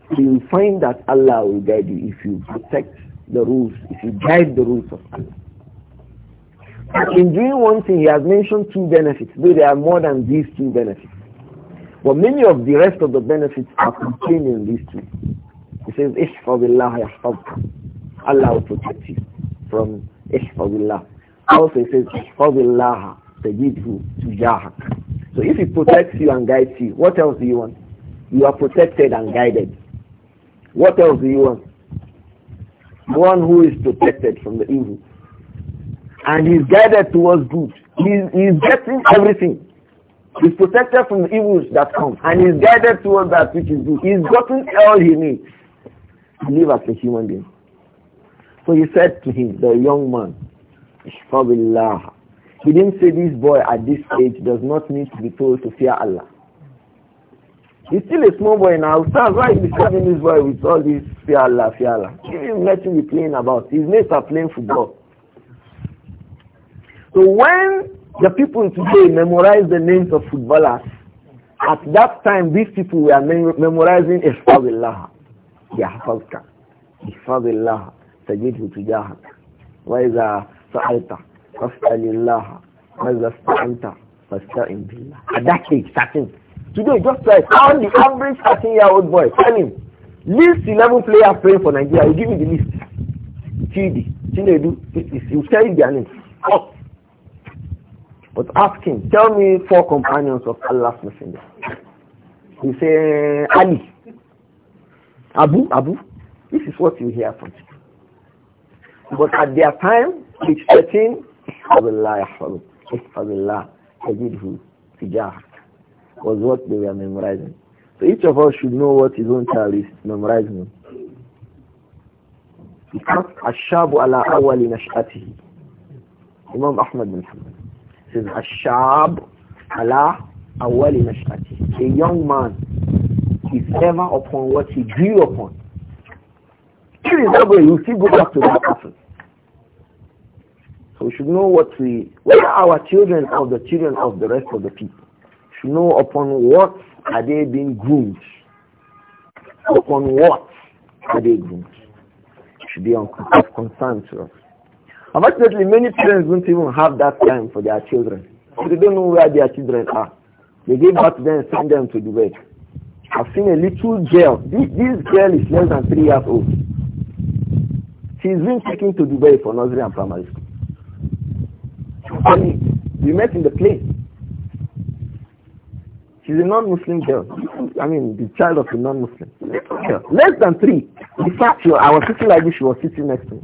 So you find that Allah will guide you if you protect the rules, if you guide the rules of Allah. in doing one thing, he has mentioned two benefits, though there are more than these two benefits. But many of the rest of the benefits are contained in these two. He says, Ishfadillah yahfadka. Allah will protect you from Ishfadillah. Also he says, Ishfadillah tajidhu tujahak. So if he protects you and guides you, what else do you want? You are protected and guided. What else do you want? The one who is protected from the evil. And is guided towards good. He is, getting everything. He's protected from the evils that come. And he's guided towards that which is good. He's gotten all he needs to live as a human being. So he said to him, the young man, Ishfabillah, he didn't say this boy at this age does not need to be told to fear Allah. He's still a small boy now. Stars, why is having this boy with all this fear Allah, fear Allah? Give him nothing to be playing about. His mates are playing football. So when the people today memorize the names of footballers, at that time these people were memorizing Ihfazillah. Yahfazka. Ihfazillah. Tajidhu tujahak. Why is that? سألت Fastalillah. Mazasta'anta. Fasta'in billah. At that age, 13. Today, just try. Found the average 13 year old boy. Tell him. List 11 players playing for Nigeria. You give me the list. Chidi. Chinedu. You tell him their names. Oh. But ask him, tell me four companions of Allah's Messenger. He say Ali. Abu, Abu. This is what you hear from people. But at their time, age 13, احفظ الله يحفظك احفظ الله تجده تجاهك was what they were memorizing. So each of us should know what his own child is memorizing. Because Ashabu ala awali nash'atihi. Imam Ahmad bin Hanbal says Ashab ala awali nash'atihi. A young man is ever upon what he grew upon. Even his you still go back to that person. So we should know what we, what are our children of the children of the rest of the people. We should know upon what are they being groomed. Upon what are they groomed. It should be of concern to us. Unfortunately, many parents don't even have that time for their children. So they don't know where their children are. They give birth to them send them to the bed. I've seen a little girl. This, this girl is less than three years old. She's been taken to Dubai for nursery and primary school. We met in the plane. She's a non-Muslim girl. I mean, the child of a non-Muslim. Little girl. Less than three. In fact, I was sitting like this. She was sitting next to me.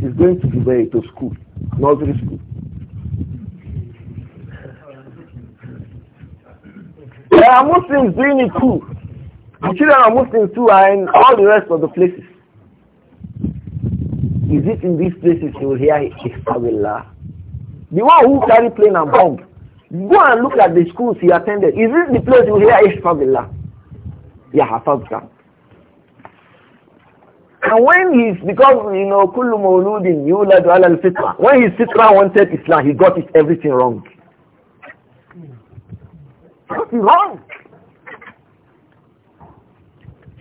She's going to going to school, nursery school. There are Muslims doing it too. The children are Muslims too are in all the rest of the places. Is it in these places you will hear Ikhtabillah? The one who carry plane and bomb. Go and look at the schools he attended. Is this the place you hear Ishfabillah? Yahafabka. And when he's, because, you know, kullu mawludin yulad ala al-fitra. When his fitra wanted Islam, he got it everything wrong. Everything wrong?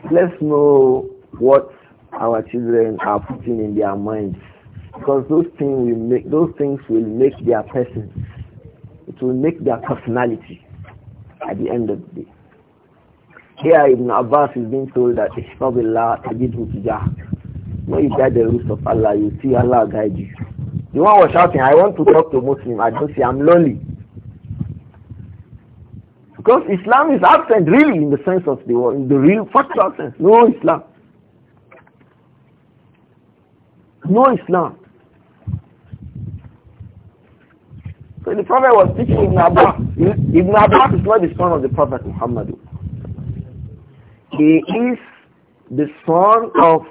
Let's know what our children are putting in their minds because those things will make those things will make their persons. It will make their personality at the end of the day. Here Ibn Abbas is being told that Ishfabillah tajidhu tijah. When you guide the rules of Allah, you see Allah guide you. The one was shouting, I want to talk to Muslim. I don't say I'm lonely. Because Islam is absent really in the sense of the word, in the real factual sense. No Islam. No Islam. So the Prophet was teaching Ibn Abbas. Ibn Abbas is not the son of the Prophet Muhammad. He is the son of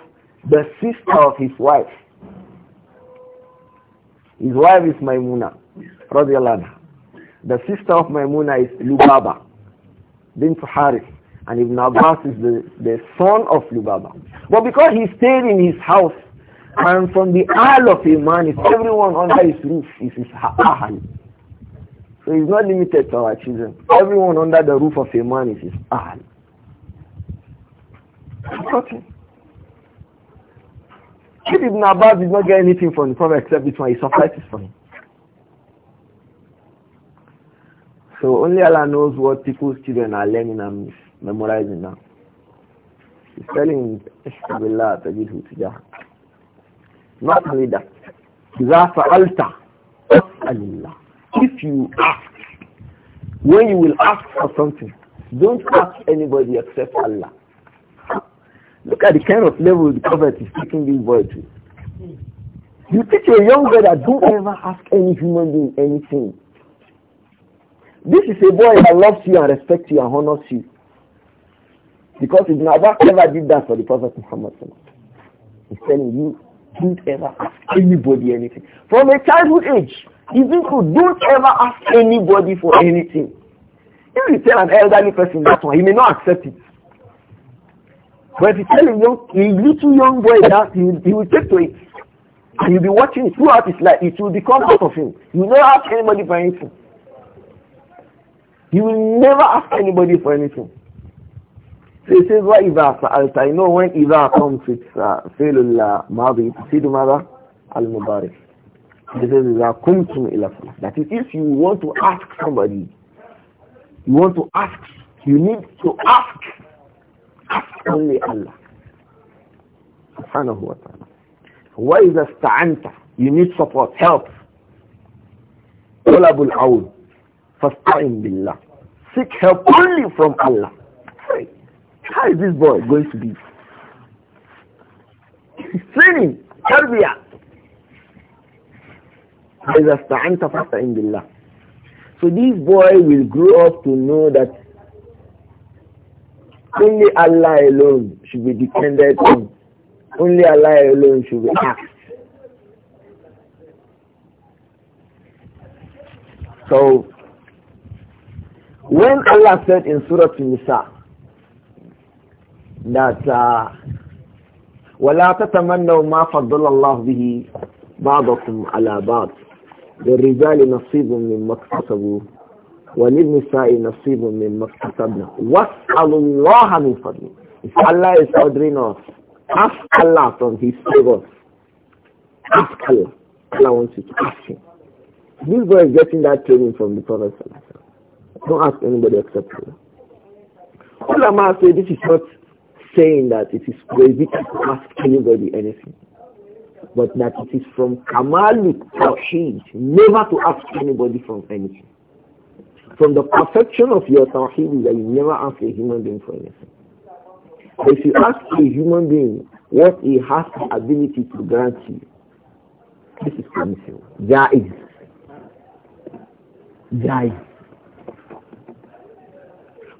the sister of his wife. His wife is Maimuna, The sister of Maimuna is Lubaba, Then Harith. And Ibn Abbas is the, the son of Lubaba. But because he stayed in his house, and from the Isle of Iman, everyone under his roof is his ahal. So it's not limited to our children. Everyone under the roof of a man is his ahl. Nothing. If Ibn Abbas did not get anything from the Prophet except this one, he suffices for him. So only Allah knows what people's children are learning and memorizing now. He's telling Ishtabillah Tajidhu Tijah. Not only that. إذا Alta. فاسأل الله if you ask, when you will ask for something, don't ask anybody except Allah. Look at the kind of level the Prophet is taking this boy to. You teach a young girl that don't ever ask any human being anything. This is a boy that loves you and respects you and honors you. Because Ibn Abbas never did that for the Prophet Muhammad. He's telling you, don't ever ask anybody anything. From a childhood age, even people don't ever ask anybody for anything. If you tell an elderly person that one, he may not accept it. But if you tell a, young, a little young boy that, he, will, he will take to it. And you'll be watching it throughout his life. It will become out of him. You never ask anybody for anything. You will never ask anybody for anything. So he says, "What is إِذَا سَأَلْتَ I know when إِذَا comes, it's فِعْلُ اللَّهِ مَاضِي تُفِيدُ al-mubarak." He says, That is, if you want to ask somebody, you want to ask, you need to ask. Ask only Allah. Subhanahu wa ta'ala. What is asta'anta? You need support, help. Talabul awn. Fasta'in billah. Seek help only from Allah. Hey, how is this boy going to be? Training, tarbiyah. So this boy will grow up to know that only Allah alone should be depended on. Only Allah alone should be asked. So, when Allah said in Surah Nisa that uh, ولا تتمنوا ما فضل الله به بعضكم على بعض للرجال نصيب مما اكتسبوا وللنساء نصيب مما اكتسبنا واسألوا الله من فضله If Allah is ordering us, ask Allah from His favors. Ask Allah. Allah wants you to ask Him. This boy is getting that training from the Prophet. Don't ask anybody except Allah. Ulama say this is not saying that it is prohibited to ask anybody anything but that it is from Kamalu Tawheed, never to ask anybody from anything. From the perfection of your Tawheed that you never ask a human being for anything. But if you ask a human being what he has the ability to grant you, this is permissible. There is. There is.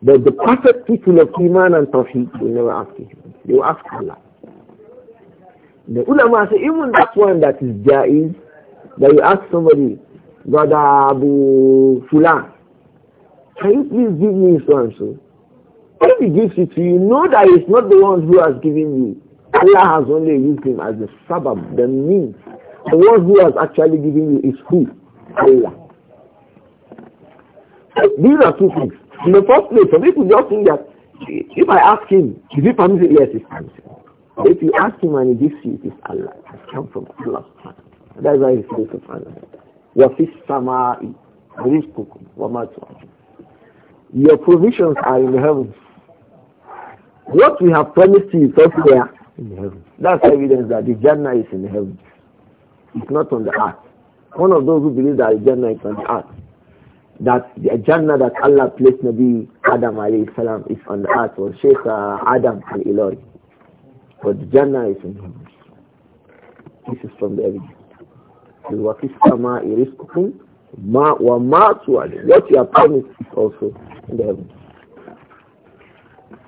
But the perfect people of Iman and Tawheed will never ask him. They will ask Allah. The ulama say even that one that is there is that you ask somebody, Brother Abu Fulan, can you please give me so and so? If he gives it to you, know that it's not the one who has given you. Allah has only used him as the sabab, the means. The one who has actually given you is who? Allah. These are two things. In the first place, some people just think that if I ask him, is it permissible? Yes, he's permissible. If you ask him and he gives you, it is Allah. It has come from Allah. That's why he says to wa ta'ala. وَفِي السَّمَاءِ رِزْقُكُمْ وَمَا Your provisions are in the heavens. What we have promised you is up there in the heavens. That's evidence that the Jannah is in the heavens. It's not on the earth. One of those who believe that the Jannah is on the earth, that the Jannah that Allah placed Nabi Adam alayhi salam is on the earth, or Sheikh uh, Adam al-Ilori. But Jannah is in him. This is from the evidence. Al-Waqistama ma What you are promised is also in the heaven.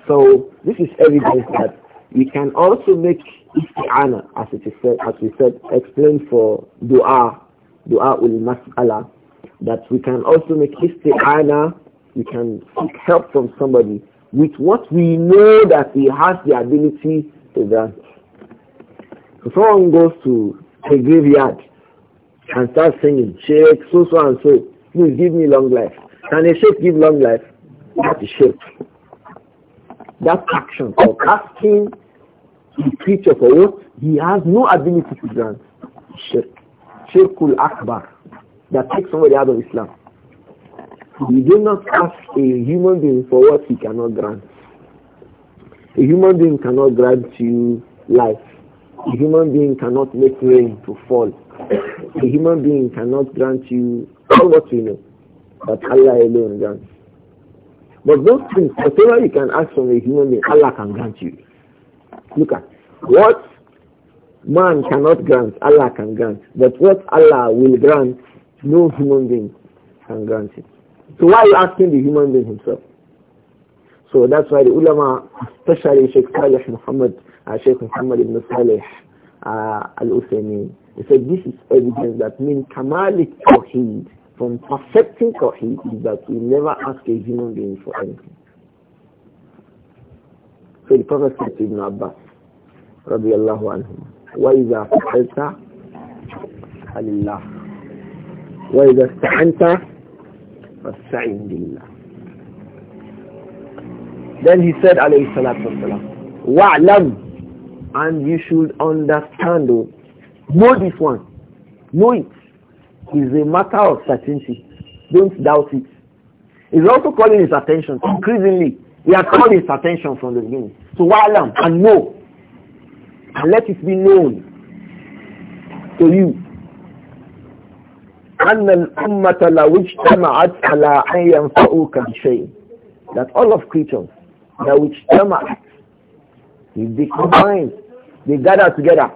So this is evidence that we can also make isti'ana, as it is said, as we said, explained for dua, dua ul mas'ala, that we can also make isti'ana, we can seek help from somebody with what we know that he has the ability to branch. So someone goes to a graveyard and starts singing, Sheikh, so so and so, please give me long life. Can a shake give long life? That is sheikh. That action of asking the creature for what he has no ability to grant. Sheikh. Sheikhul Akbar. That takes somebody out of Islam. We do not ask a human being for what he cannot grant. A human being cannot grant you life. A human being cannot make rain to fall. A human being cannot grant you all what you know, but Allah alone grants. But those things, whatever you can ask from a human being, Allah can grant you. Look at what man cannot grant, Allah can grant. But what Allah will grant, no human being can grant it. So why are you asking the human being himself? So that's why the ulama, especially Sheikh Salih Muhammad, uh, Sheikh Muhammad ibn Salih uh, al-Uthaymeen, he said this is evidence that means kamalik tawheed, from perfecting tawheed is that we never ask a human being for anything. So the Prophet said to Ibn Abbas, رضي الله عنهما وإذا فعلت فلله وإذا استعنت فاستعن بالله then he said, alayhi salatu wasalam, and you should understand, oh, know this one, know It's a matter of certainty. Don't doubt it. He's also calling his attention increasingly. He has called his attention from the beginning. to wa'lam, and know, and let it be known to you. أن الأمة لو اجتمعت على أن ينفعوك بشيء that all of creatures that which tama if they combine they gather together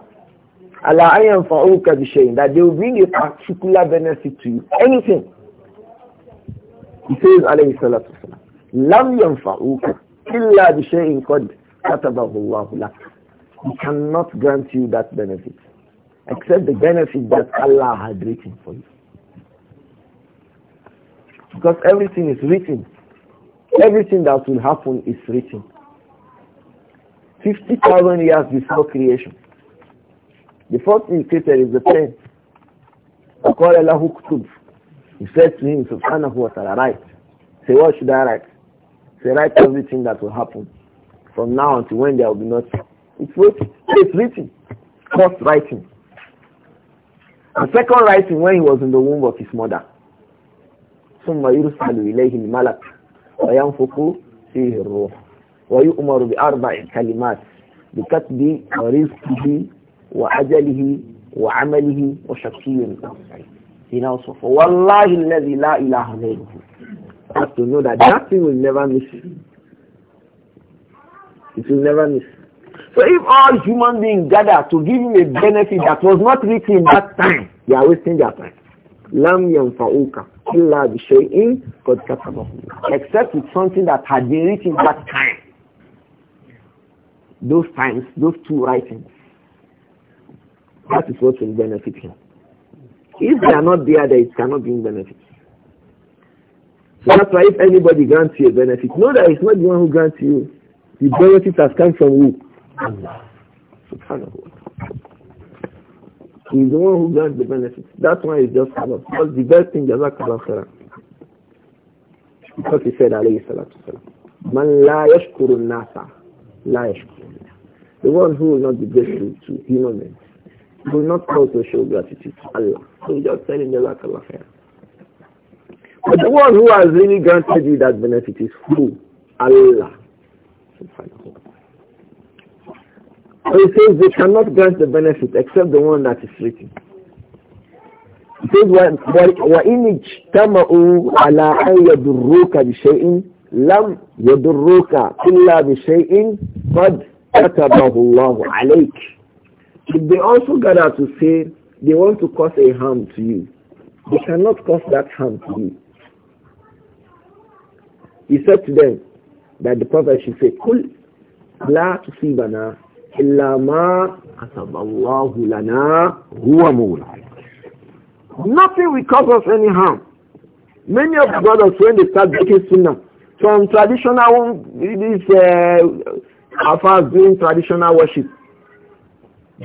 Allah ayyam fa'uka bishayin that they will bring a particular benefit to you anything he says alayhi salatu wasalam lam yanfa'uka illa bishayin qad katabahu Allah lak he cannot grant you that benefit except the benefit that Allah had written for you because everything is written Everything that will happen is written. 50,000 years before creation. The first thing created is the pen. He said to him, subhanahu wa ta'ala, write. Say, what should I write? Say, write everything that will happen from now until when there will be nothing. It's written. It's written. First writing. And second writing when he was in the womb of his mother. ثم يرسل إليه الملك وينفق فيه الروح ويؤمر بأربع كلمات بكتب ورزقه وأجله وعمله وشقي He now said, Wallahi الذي لا إله غيره. Have to know that nothing will never miss. It will never miss. So if all human beings gather to give him a benefit that was not written that time, they are wasting their time. لم ينفعوك إِلَّا بِشَيْءٍ قَدْ كَتَبَهُ Except with something that had been written that time. Those times, those two writings. That is what will benefit him. If they are not there, then it cannot bring benefit. So that's why if anybody grants you a benefit, know that it's not the one who grants you. The benefit has come from who? Allah. Subhanahu wa He's the one who got the benefits. That's why it's just halal. Because the best thing, is Jazakallah khairan. Because he said, alayhi salatu salam, Man la yashkuru nasa, la yashkuru The one who will not be grateful to human beings will not also show gratitude to Allah. So he just telling Jazakallah khairan. But the one who has really granted you that benefit is who? Allah. Subhanahu wa ta'ala. So he says they cannot grant the benefit except the one that is written. He says, وَإِنِ اجْتَمَعُوا عَلَىٰ أَنْ يَضُرُّوكَ بِشَيْءٍ لَمْ يَضُرُّوكَ إِلَّا بِشَيْءٍ قَدْ كَتَبَهُ اللَّهُ عَلَيْكَ If they also gather to say they want to cause a harm to you, they cannot cause that harm to you. He said to them that the prophet should say, قُلْ لَا تُصِيبَنَا إلا ما كتب الله لنا هو مولانا Nothing will cause us any harm. Many of the brothers, when they start breaking sunnah, from traditional, this uh, afars doing traditional worship,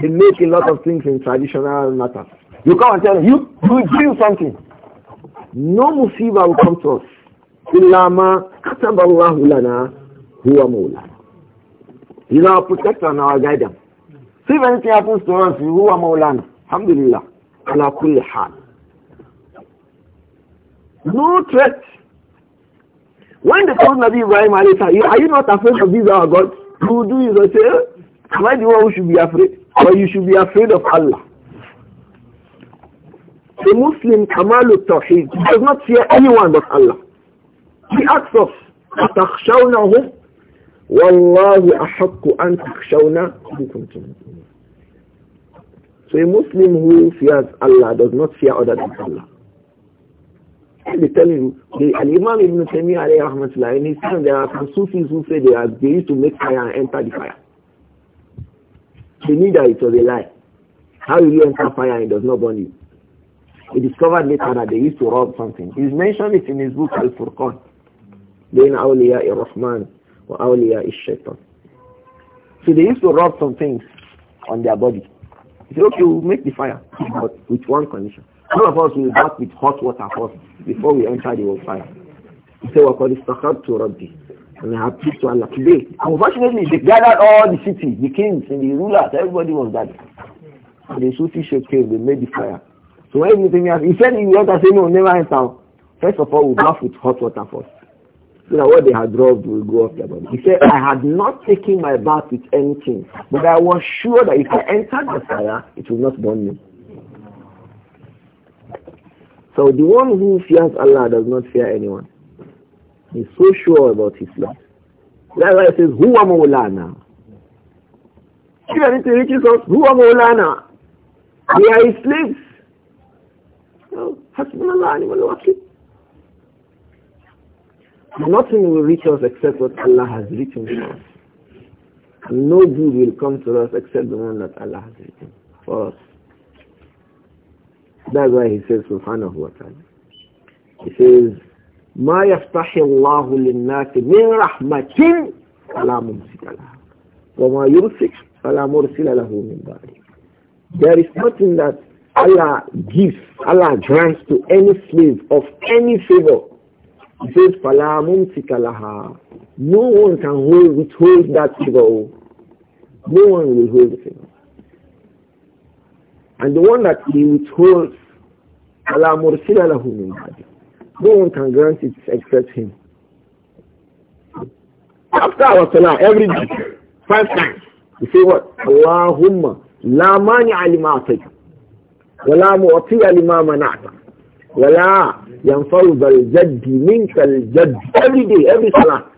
they make a lot of things in traditional matters. You come and tell them, you, you do something. No musiba will come to us. إلا ما كتب الله لنا هو مولانا He's our protector and our guidance. if anything happens to us, who are Maulana? Alhamdulillah. Ala kulli hal. No threat. When they told Nabi Ibrahim are you not afraid of these our gods? Who do you say, am I the one who should be afraid? Or you should be afraid of Allah. The Muslim Kamalu Tawheed does not fear anyone but Allah. He asks us, أَتَخْشَوْنَهُمْ so a Muslim who fears Allah does not fear other than Allah. They tell you, the imam Ibn Taymiyyah alayhi rahmatullah, in his time there are some Sufis who say they, are, used to make fire and enter the fire. They knew that it was a lie. How will you enter fire and it does not burn you? He discovered later that they used to rob something. He's mentioned it in his book Al-Furqan. بين أولياء Rahman is الشَّيْطَانِ So they used to rub some things on their body. He said, okay, we'll make the fire, but with one condition. All of us will bath with hot water first before we enter the fire. He said, وَقَدْ إِسْتَخَرْتُ رَبِّي And I have pleased to Allah today. Unfortunately, they gathered all the city, the kings and the rulers, everybody was gathered. So the Sufi Sheikh came, they made the fire. So when everything else, he said he went and said, no, never enter. First of all, we bath with hot water first so that what they had robbed will go off their body. He said, I had not taken my bath with anything, but I was sure that if I entered the fire, it would not burn me. So the one who fears Allah does not fear anyone. He's so sure about his life. That's why he says, Who am Maulana? If anything reaches us, Who am Maulana? We are his slaves. So, Hasbunallah, animal, wakil. Nothing will reach us except what Allah has written for us. No good will come to us except the one that Allah has written for us. That's why he says, subhanahu wa ta'ala. He says, ما يفتح الله للناس من رحمة فلا ممسك لها وما يمسك فلا مرسل له من بعده There is nothing that Allah gives, Allah grants to any slave of any favor he says, Fala tikalaha. No one can hold, withhold that favor. No one will hold the favor. And the one that he withholds, Fala mursila lahu No one can grant it except him. After our salah, every day, five times, we say what? Allahumma la mani alima atik, wa la mu'atiya lima manata. Wala yanfawz al-jaddi minka al-jaddi. day, every salah.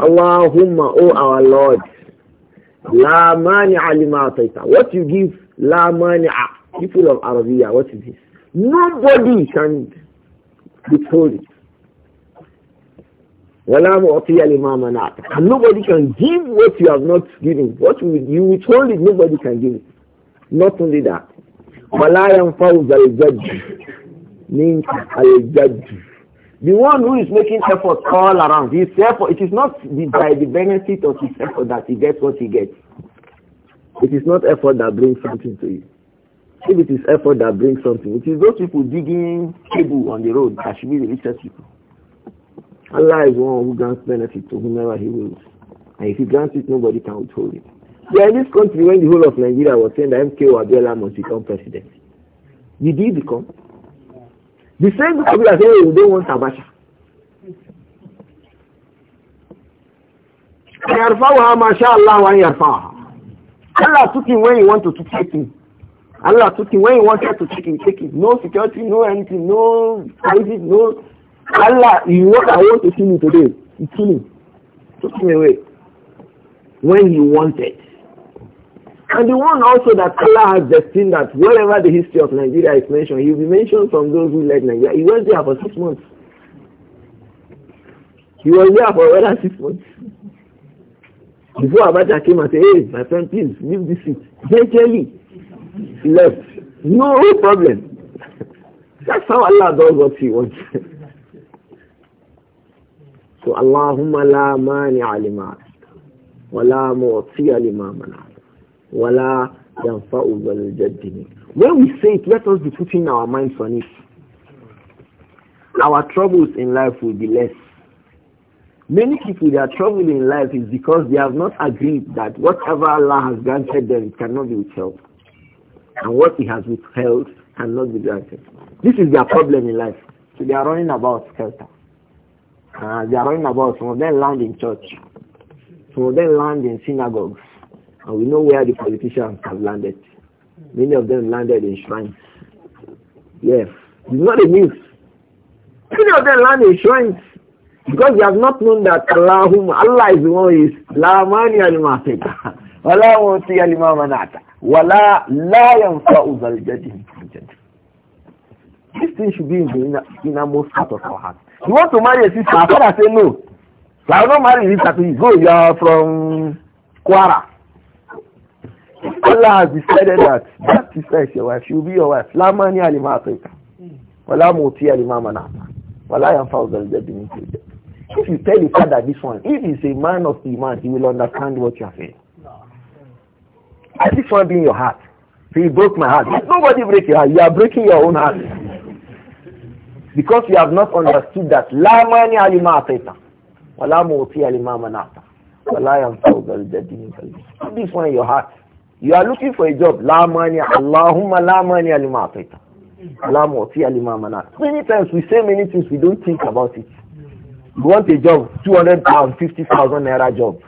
Allahumma, O oh our Lord, La mani'a lima ataita. What you give, la mani'a. People of Arabia, what is this? Nobody can withhold it. Wala mu'tiya lima mana'ata. And nobody can give what you have not given. What you withhold it, nobody can give it. Not only that, وَلَا يَنْفَوْزَ الْجَدِّ means al-jaddu. The one who is making effort all around, his effort, it is not by the benefit of his effort that he gets what he gets. It is not effort that brings something to you. If it is effort that brings something, it is those people digging cable on the road that should be the richest people. Allah is one who grants benefit to whomever he wills. And if he grants it, nobody can withhold it in this country when the whole of Nigeria was saying that MK Wabiola must become president. Did he become? The same people are saying oh, we don't want Abacha. yarfawa mashallah wa yarfaha Allah took him when he wanted to take him Allah took him when he wanted to take him take him no security no anything no crisis no Allah you what I want to kill him today he kill him took him away when he wanted and the one also that Allah has destined that wherever the history of Nigeria is mentioned, he will be mentioned from those who left Nigeria. He was there for six months. He was there for rather six months. Before Abacha came and said, hey, my friend, please leave this seat. Gently left. No problem. That's how Allah does what he wants. so Allahumma la mani alimat wa la mu'tiya lima manat wala yanfa'u wal jaddini. When we say it, let us be putting our minds on it. Our troubles in life will be less. Many people, their trouble in life is because they have not agreed that whatever Allah has granted them cannot be withheld. And what He has withheld cannot be granted. This is their problem in life. So they are running about skelter. Uh, they are running about. Some of them land in church. Some of them land in synagogues. And we know where the politicians have landed. Many of them landed in shrines. Yes. It's not a news. Many of them landed in shrines. Because they have not known that Allah, Allah is the one who is La Mani Alimasika. Wala Muti Alimamanata. Wala La Yanfa'u Zaljadin. This thing should be in the innermost part of our heart. You want to marry a sister, our father say no. So I will not marry this sister. Go, you are from Kwara. Allah has decided that that is not your wife. She will be your wife. La mani alima atayka. Wala muti alima manata. Wala yanfawza al-jaddi min If you tell the father this one, if he's a man of iman, he will understand what you are saying. I just want to be in your heart. he broke my heart. Nobody break your heart. You are breaking your own heart. Because you have not understood that. La mani alima atayka. Wala muti alima manata. Wala yanfawza al-jaddi min This one in your heart. You are looking for a job. La mani Allahumma la mani alima atita. La mu'ti Many times we say many things, we don't think about it. You want a job, 250,000 naira job.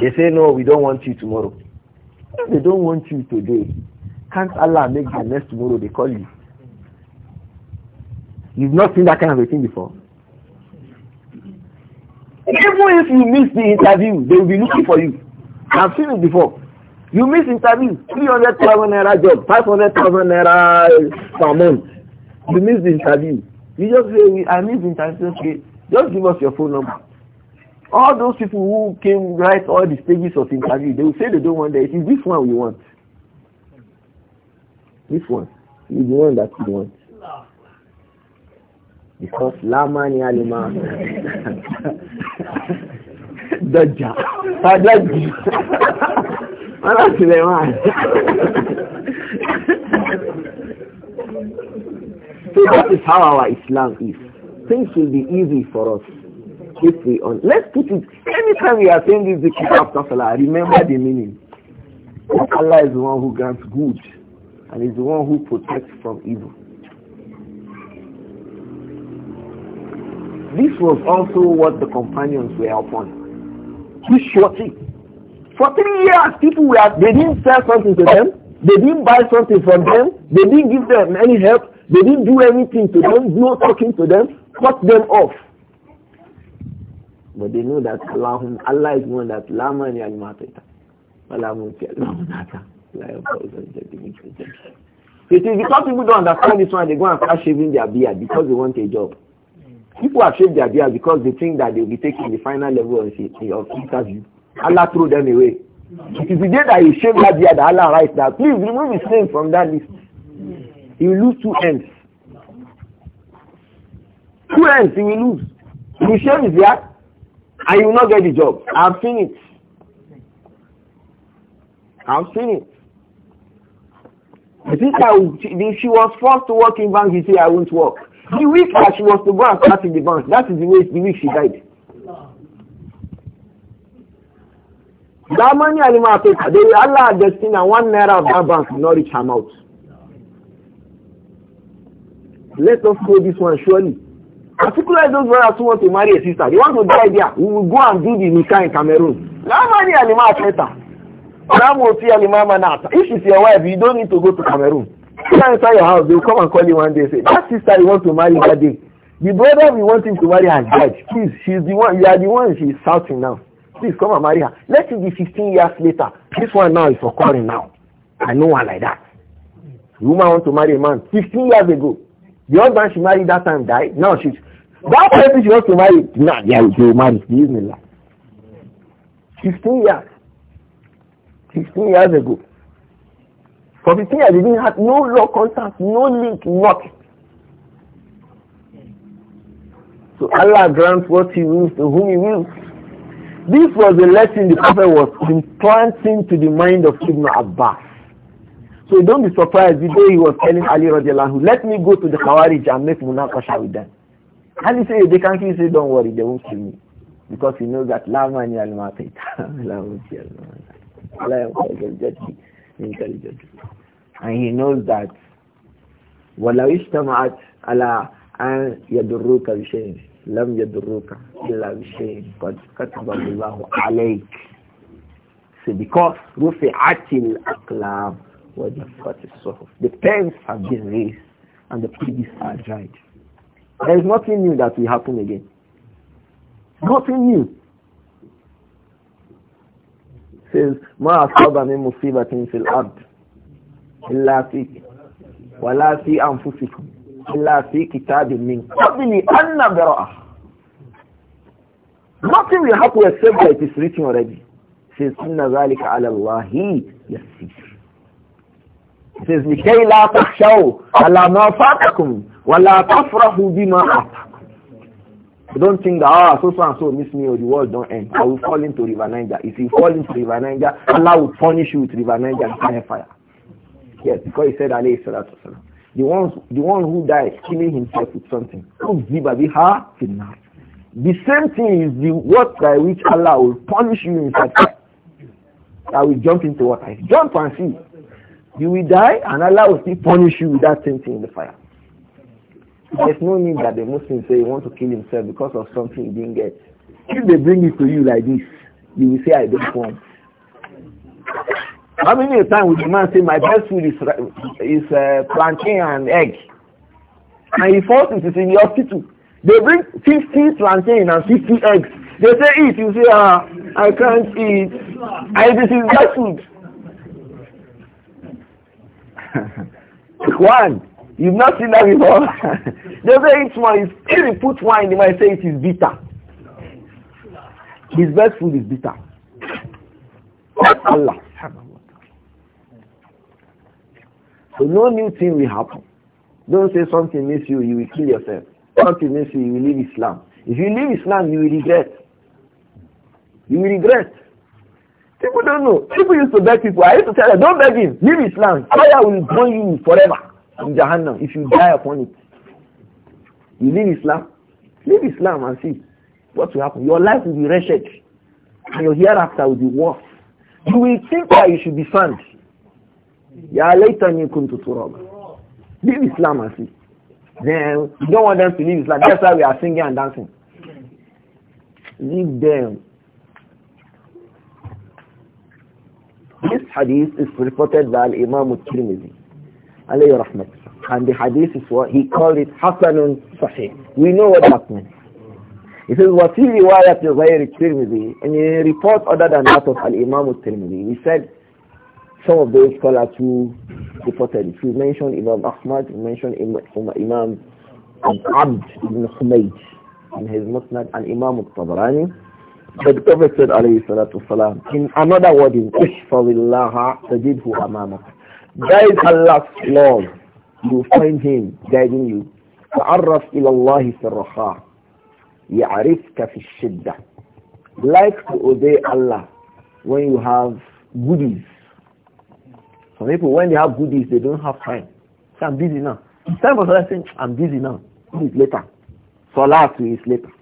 They say, no, we don't want you tomorrow. they don't want you today, can't Allah make the next tomorrow they call you? You've not seen that kind of a thing before. Even if you miss the interview, they will be looking for you. I've seen it before. You miss interview, three hundred thousand naira job, five hundred thousand naira eh, per month. You miss the interview. You just say, I miss the interview. Okay, just give us your phone number. All those people who came write all the stages of interview, they will say they don't want that. It is this one we want. This one is the one that we want. Because Lamani Alima. dọ́jà àdọ́jì wọ́n láti lè wọ́n So that is how our Islam is. Things will be easy for us if we on. Let's put it. Anytime we are saying this zikr after I remember the meaning. Allah is the one who grants good and is the one who protects from evil. This was also what the companions were upon. Kishwati. For three years, people were, they didn't sell something to them. They didn't buy something from them. They didn't give them any help. They didn't do anything to them, no talking to them, cut them off. But they know that Allah, Allah is one that La man yalmatita. It is because people don't understand this one, they go and start shaving their beard because they want a job. People have shaved their beard because they think that they'll be taking the final level of, interview. Allah threw them away. It is the day that you shave that beard that Allah writes that, please remove his name from that list. You lose two ends. Two ends you will lose. You shave his beard and you will not get the job. I've seen it. I've seen it. I The If she was forced to work in bank, she said, I won't work. The week that she was to go and start in the bank, that is the way the week she died. That money Alima Africa, they will allow Destina one naira of that bank will not reach her mouth. Let us go this one surely. Particularly those brothers who want to marry a sister, they want to die there. We will go and do the nikah in Cameroon. That money take. That Alima Africa. If she's your wife, you don't need to go to Cameroon. Try enter your house, they will come and call you one day say, that sister you want to marry that day. The brother we want him to marry has died. Please, she's the one, you are the one she's shouting now. Please come and marry her. Let it be 15 years later. This one now is for calling now. I know one like that. The woman want to marry a man 15 years ago. The husband she married that time died. Now she's, that person she wants to marry, now they yeah, she will marry. Use me 15 years. 15 years ago. For the thing I didn't have no law contact, no link, nothing. So Allah grants what he wills to whom he wills. This was a lesson the Prophet was implanting to the mind of Ibn Abbas. So don't be surprised the day he was telling Ali radiallahu, let me go to the Khawarij and make munakasha with them. Ali said, they can't kill say, don't worry, they won't kill me. Because he knows that la mani al matita, la mani al matita intelligent. And he knows that وَلَوْ اجْتَمَعَتْ عَلَىٰ أَنْ يَدُرُّكَ بِشَيْءٍ لَمْ يَدُرُّكَ إِلَّا بِشَيْءٍ قَدْ كَتَبَ اللَّهُ عَلَيْكَ So because رُفِعَتِ الْأَقْلَامِ وَجَفَّتِ الصُّحُفِ The pens have been raised and the pages are dried. There is nothing new that will happen again. Nothing new. says, مَا أَصَابَ مِن مُصِيبَةٍ فِي الْأَرْضِ إِلَّا فِي وَلَا فِي أَنفُسِكُمْ إِلَّا فِي كِتَابٍ مِّن قَبْلِ أَن نَبْرَأَهُ Nothing will happen except that it is written already. says, إِنَّ ذَلِكَ عَلَى اللَّهِ يَسِيرٌ says, لِكَيْ لَا تَخْشَوْا عَلَى مَا فَاتَكُمْ وَلَا تَفْرَحُوا بِمَا أَعْطَاكُمْ Don't think that, ah, so, so and so miss me or oh, the world don't end. I will fall into River Niger. If you fall into River Niger, Allah will punish you with River Niger and fire. Yes, because he said, alayhi salatu wasalam. The, one, the one who died killing himself with something. The same thing is the water by which Allah will punish you in fire. I will jump into water. Jump and see. You will die and Allah will still punish you with that same thing in the fire. There's no need that the Muslim say he want to kill himself because of something he didn't get. If they bring it to you like this, you will say, I don't want. How many times would the man say, my best food is, is uh, plantain and egg? And he falls into the hospital. They bring 50 plantain and 50 eggs. They say, eat. You say, ah, I can't eat. I, this is my food. One. You've not seen that before. they say each one is, if you put wine, they might say it is bitter. His best food is bitter. Allah. So no new thing will happen. Don't say something miss you, you will kill yourself. Something miss you, you will leave Islam. If you leave Islam, you will regret. You will regret. People don't know. People used to beg people. I used to tell them, don't beg him. Leave Islam. Fire will burn you forever in Jahannam if you die upon it. You leave Islam, leave Islam and see what will happen. Your life will be wretched and your hereafter will be worse. You will think that you should be found. Ya laytani kuntu turaba. Leave Islam and see. Then you don't want them to leave Islam. That's why we are singing and dancing. Leave them. This hadith is reported by Imam al-Tirmidhi alayhi rahmat. And the hadith is what he called it Hasanun Sahih. We know what that means. He says, وَفِي al غَيْرِ التِّرْمِذِي And in a report other than that of Al-Imam al-Tirmidhi, he said, some of those scholars who reported it. We mentioned Imam Ahmad, he mentioned Imam Abd ibn Humayd in his Musnad and Imam al-Tabarani. But the Prophet said, alayhi salatu salam, in another word, in Ishfawillaha tajidhu Guide Allah's law. You find Him guiding you. تعرف إلى الله في الرخاء يعرفك في الشدة like to obey Allah when you have goodies some people when they have goodies they don't have time Say, I'm busy now time for something I'm busy now it's later Salah so is later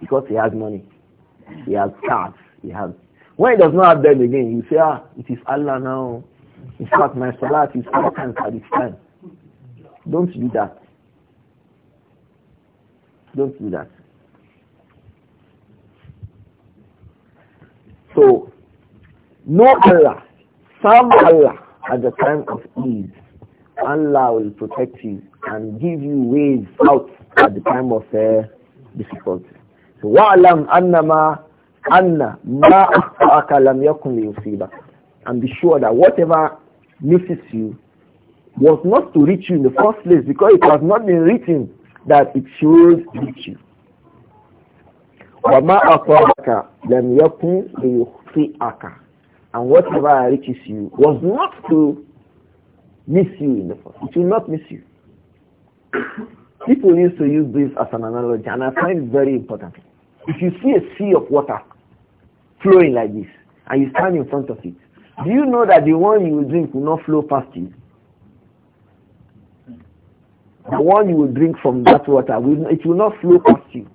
because he has money he has cars he has when he does not have them again you say ah it is Allah now in fact, my salat is four times at this time. Don't do that. Don't do that. So, no Allah, some Allah at the time of ease. Allah will protect you and give you ways out at the time of uh, difficulty. So, وَعْلَمْ أَنَّمَا أَنَّ مَا أَخْطَأَكَ لَمْ li لِيُصِيبَكَ and be sure that whatever misses you was not to reach you in the first place because it has not been written that it should reach you. And whatever reaches you was not to miss you in the first. It will not miss you. People used to use this as an analogy and I find it very important. If you see a sea of water flowing like this and you stand in front of it, do you know that the one you will drink will not flow past you? The one you will drink from that water, will, it will not flow past you.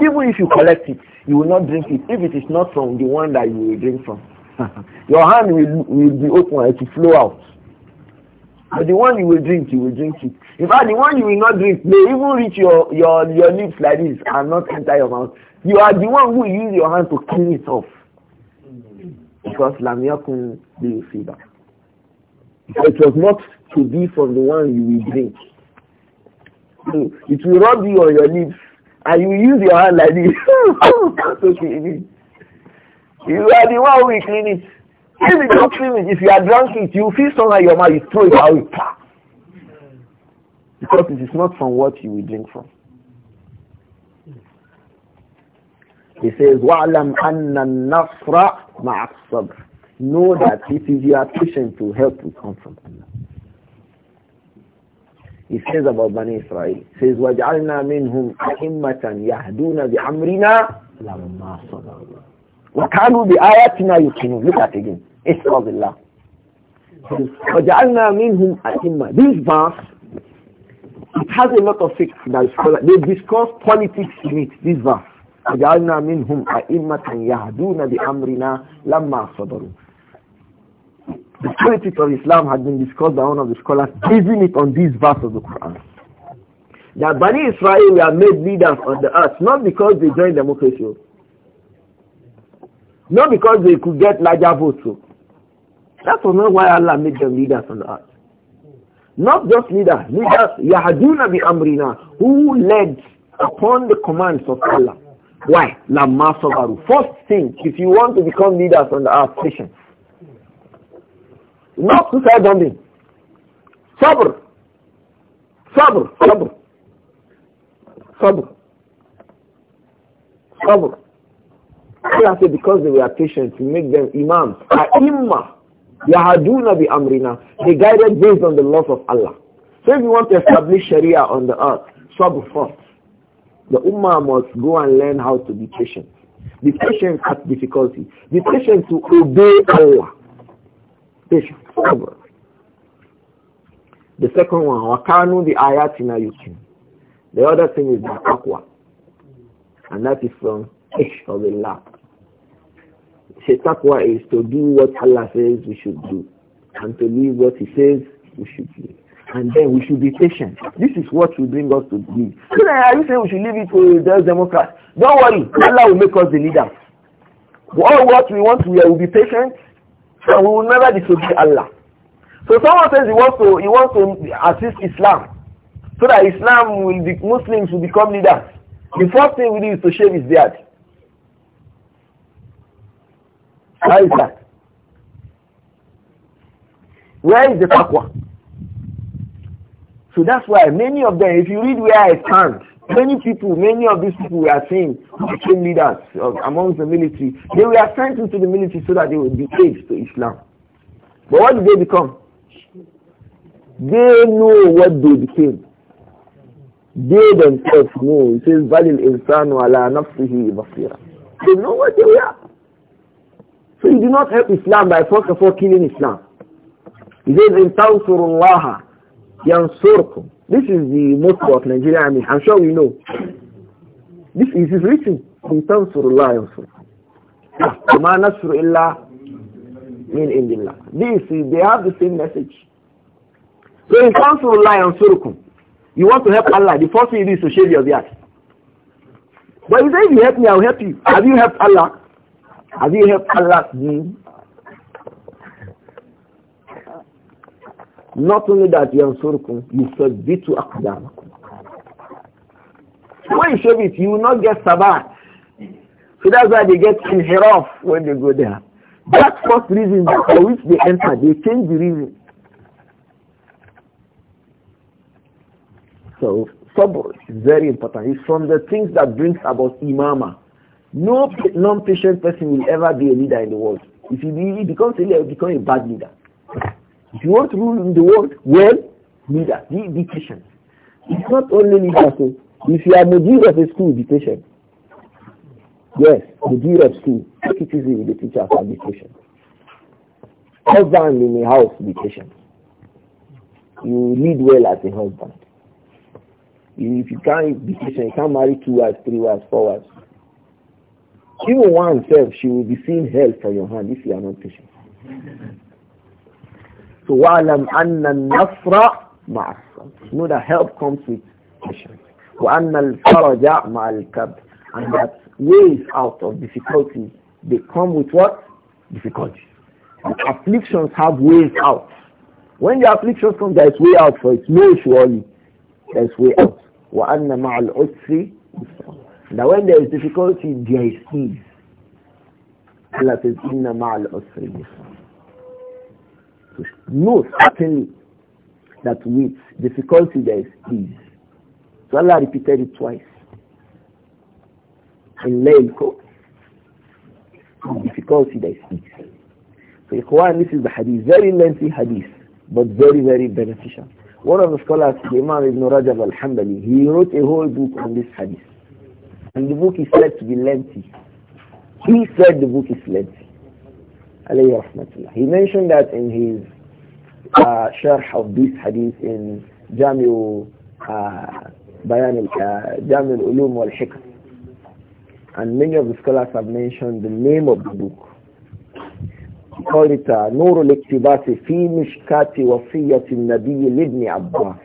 Even if you collect it, you will not drink it if it is not from the one that you will drink from. Your hand will, will be open and it will flow out. But the one you will drink, you will drink it. In fact, the one you will not drink may even reach your, your, your lips like this and not enter your mouth. You are the one who use your hand to clean it off because lam yakun bi fever. It was not to be from the one you will drink. So it will rub you on your lips and you use your hand like this Okay, You are the one who will clean it. If you don't clean it, if you are drunk it, you feel something in your mouth, you throw it away. Because it is not from what you will drink from. He says, وَعْلَمْ أَنَّ النَّصْرَ ma'asabr. Know that this is your mission to help will come from Allah. He says about Bani Israel, he says, وَجْعَلْنَا مِنْهُمْ أَئِمَّةً يَهْدُونَ بِأَمْرِنَا لَمَّا صَبَرُوا وَكَانُوا بِآيَاتِنَا يُقِنُونَ Look at again. Israel Allah. وَجَعَلْنَا مِنْهُمْ أَئِمَّةً This verse it has a lot of things that is They discuss politics in it, this verse. وجعلنا منهم أئمة يهدون بأمرنا لما صبروا The spirit of Islam had been discussed by one of the scholars, basing it on these verses of the Quran. That Bani Israel were made leaders on the earth, not because they joined democracy, oh. not because they could get larger votes. Oh. That was not why Allah made them leaders on the earth. Not just leaders, leaders, Yahaduna bi Amrina, who led upon the commands of Allah. Why? Lamma Sobaru. First thing, if you want to become leaders on the earth, patience. Not suicide bombing. Sabr. Sabr. Sabr. Sabr. Sabr. Allah said because they were patient, we make them imams. A'imma. Yahaduna bi amrina. They guided based on the laws of Allah. So if you want to establish Sharia on the earth, sabr first. The ummah must go and learn how to be patient. Be patient at difficulty. Be patient to obey Allah. Patient. Over. The second one, wakanu the ayatina yukin. The other thing is the taqwa. And that is from ish of Allah. Say taqwa is to do what Allah says we should do. And to leave what he says we should leave and then we should be patient. This is what will bring us to the So are you saying we should leave it to those Democrats? Don't worry, Allah will make us the leader. All what we want, we will be patient, and we will never disobey Allah. So someone says he wants to he wants to assist Islam, so that Islam will be, Muslims will become leaders. The first thing we need is to shave his beard. How is that? Where is the taqwa? So that's why many of them, if you read where I stand, many people, many of these people we are seeing, became leaders of, amongst the military. They were sent into the military so that they would be aids to Islam. But what did they become? They know what they became. They themselves know. It says, Valil insanu ala nafsihi basira. They know what they are. So you do not help Islam by first of all killing Islam. He says, in tansurullaha Yansurkum. This is the motto of Nigeria I Army. Mean, I'm sure we know. This is written in Tansurullah Yansurkum. Ma nasru illa min indillah. This is, they have the same message. So in Tansurullah Yansurkum, you want to help Allah, the first thing is to shave your beard. But he say if you help me, I'll help you. Have you helped Allah? Have you helped Allah's deen? Not only that, you يَنْصُرُكُمْ يُثَبِّتُ to When you show it, you will not get sabat. So that's why they get in off when they go there. That first reason for which they enter, they change the reason. So sabr is very important. It's from the things that brings about imama. No non-patient person will ever be a leader in the world. If he becomes a leader, he becomes a bad leader. If you want to rule in the world, well, leader, be, be patient. It's not only leader. So if you are mudir of a school, be patient. Yes, dear of school. Take it easy with the teachers and be patient. Husband in a house, be patient. You lead well as a husband. If you can't be patient, you can't marry two wives, three wives, four wives. Even one self, she will be seeing hell from your hand if you are not patient. So وَعْلَمْ أَنَّ النَّصْرَ مَعَ Know that help comes with patience. وَأَنَّ الْفَرَجَ مَعَ الْكَبْرِ And that ways out of difficulties, they come with what? Difficulties. And afflictions have ways out. When the afflictions come, there is way out for it. No, surely. There is way out. وَأَنَّ مَعَ الْعُسْرِ Now when there is difficulty, there is ease. Allah says, إِنَّ مَعَ الْعُسْرِ no, certainly that with difficulty there is ease. So Allah repeated it twice. In laylko, difficulty there is ease. So Ikhwan, this is the hadith, very lengthy hadith, but very, very beneficial. One of the scholars, Imam Ibn Rajab al-Hambali, he wrote a whole book on this hadith. And the book is said to be lengthy. He said the book is lengthy alayhi He mentioned that in his uh, sharh of this hadith in Jamil uh, Bayan uh, Ulum wal Hikam. And many of the scholars have mentioned the name of the book. He called it uh, نور Fi Mishkati مشكات وصية النبي لابن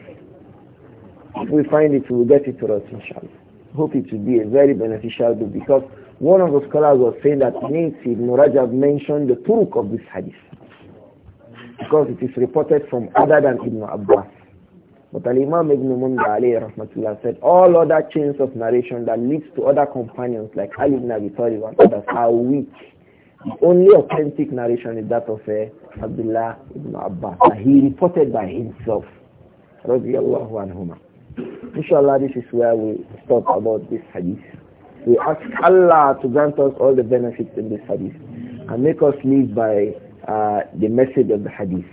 If we find it, we'll get it to us, inshallah. Hope it will be a very beneficial book because one of the scholars was saying that Nate Ibn Rajab mentioned the turuk of this hadith because it is reported from other than Ibn Abbas. But Al-Imam Ibn Munda rafmatullah said all other chains of narration that leads to other companions like Ali ibn Abi Talib and others are weak. The only authentic narration is that of uh, Abdullah ibn Abbas. He reported by himself. Radiallahu anhuma. Inshallah this is where we stop about this hadith. We ask Allah to grant us all the benefits in this hadith and make us live by uh, the message of the hadith.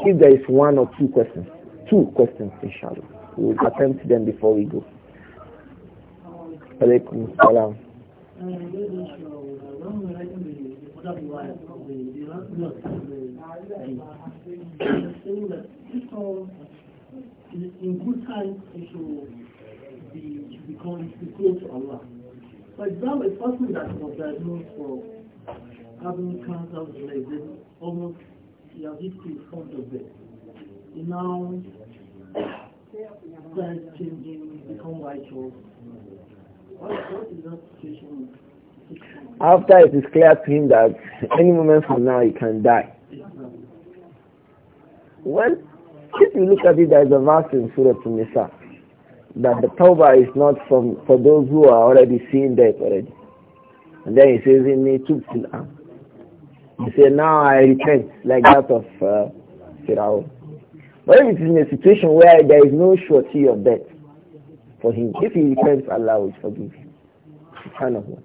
If there is one or two questions, two questions inshallah, we will attempt them before we go. Alaykum salam. In good times, should be become close to Allah. For example, a person that was diagnosed for having cancer of the leg, almost he has hit his front of it. He now starts changing, become righteous. What, what is that situation? After it is clear to him that any moment from now he can die. Well, if you look at it, there is a verse in Surah Nisa that the tawbah is not from, for those who are already seeing death already. And then he says, in me tubtilam. He said, now I repent, like that of uh, Pharaoh. But if it is in a situation where there is no surety of death for him, if he repents, Allah will forgive him. Kind of one.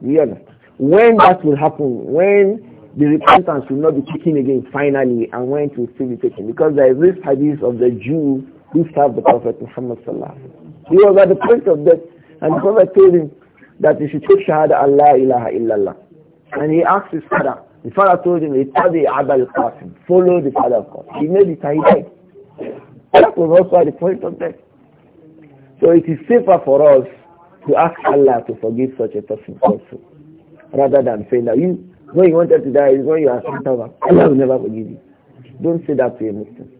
We understand. When that will happen, when the repentance will not be taken again finally, and when it will still be taken, because there is this hadith of the Jews. This have the Prophet Muhammad sallallahu alaihi wasallam. He was at the point of death, and the Prophet told him that he should take shahada Allah ilaha illallah. And he asked his father. The father told him, "Itabi Abul Qasim, follow the father of God." He made it. He died. That was also at the point of death. So it is safer for us to ask Allah to forgive such a person also, rather than saying that you when you wanted to die is when you are sent Allah will never forgive you. Don't say that to a Muslim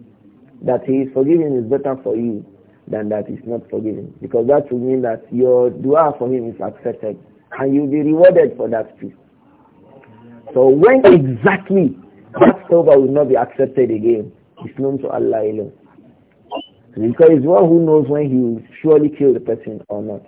that he is forgiving is better for you than that he's not forgiven. Because that will mean that your dua for him is accepted and you'll be rewarded for that too. So when exactly that tawbah will not be accepted again, it's known to Allah alone. Because it's one who knows when he will surely kill the person or not.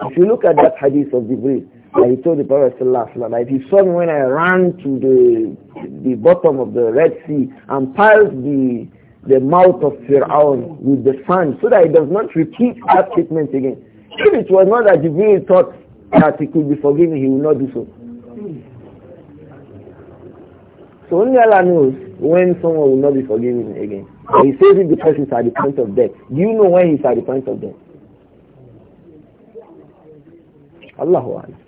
If you look at that hadith of the Jibril, that he told the Prophet Sallallahu if he saw me when I ran to the, the bottom of the Red Sea and piled the the mouth of Fir'aun with the sand so that he does not repeat that statement again. If it was not that really thought that he could be forgiven, he would not do so. So only Allah knows when someone will not be forgiven again. He says it because he's at the point of death. Do you know when he's at the point of death? Allahu Akbar.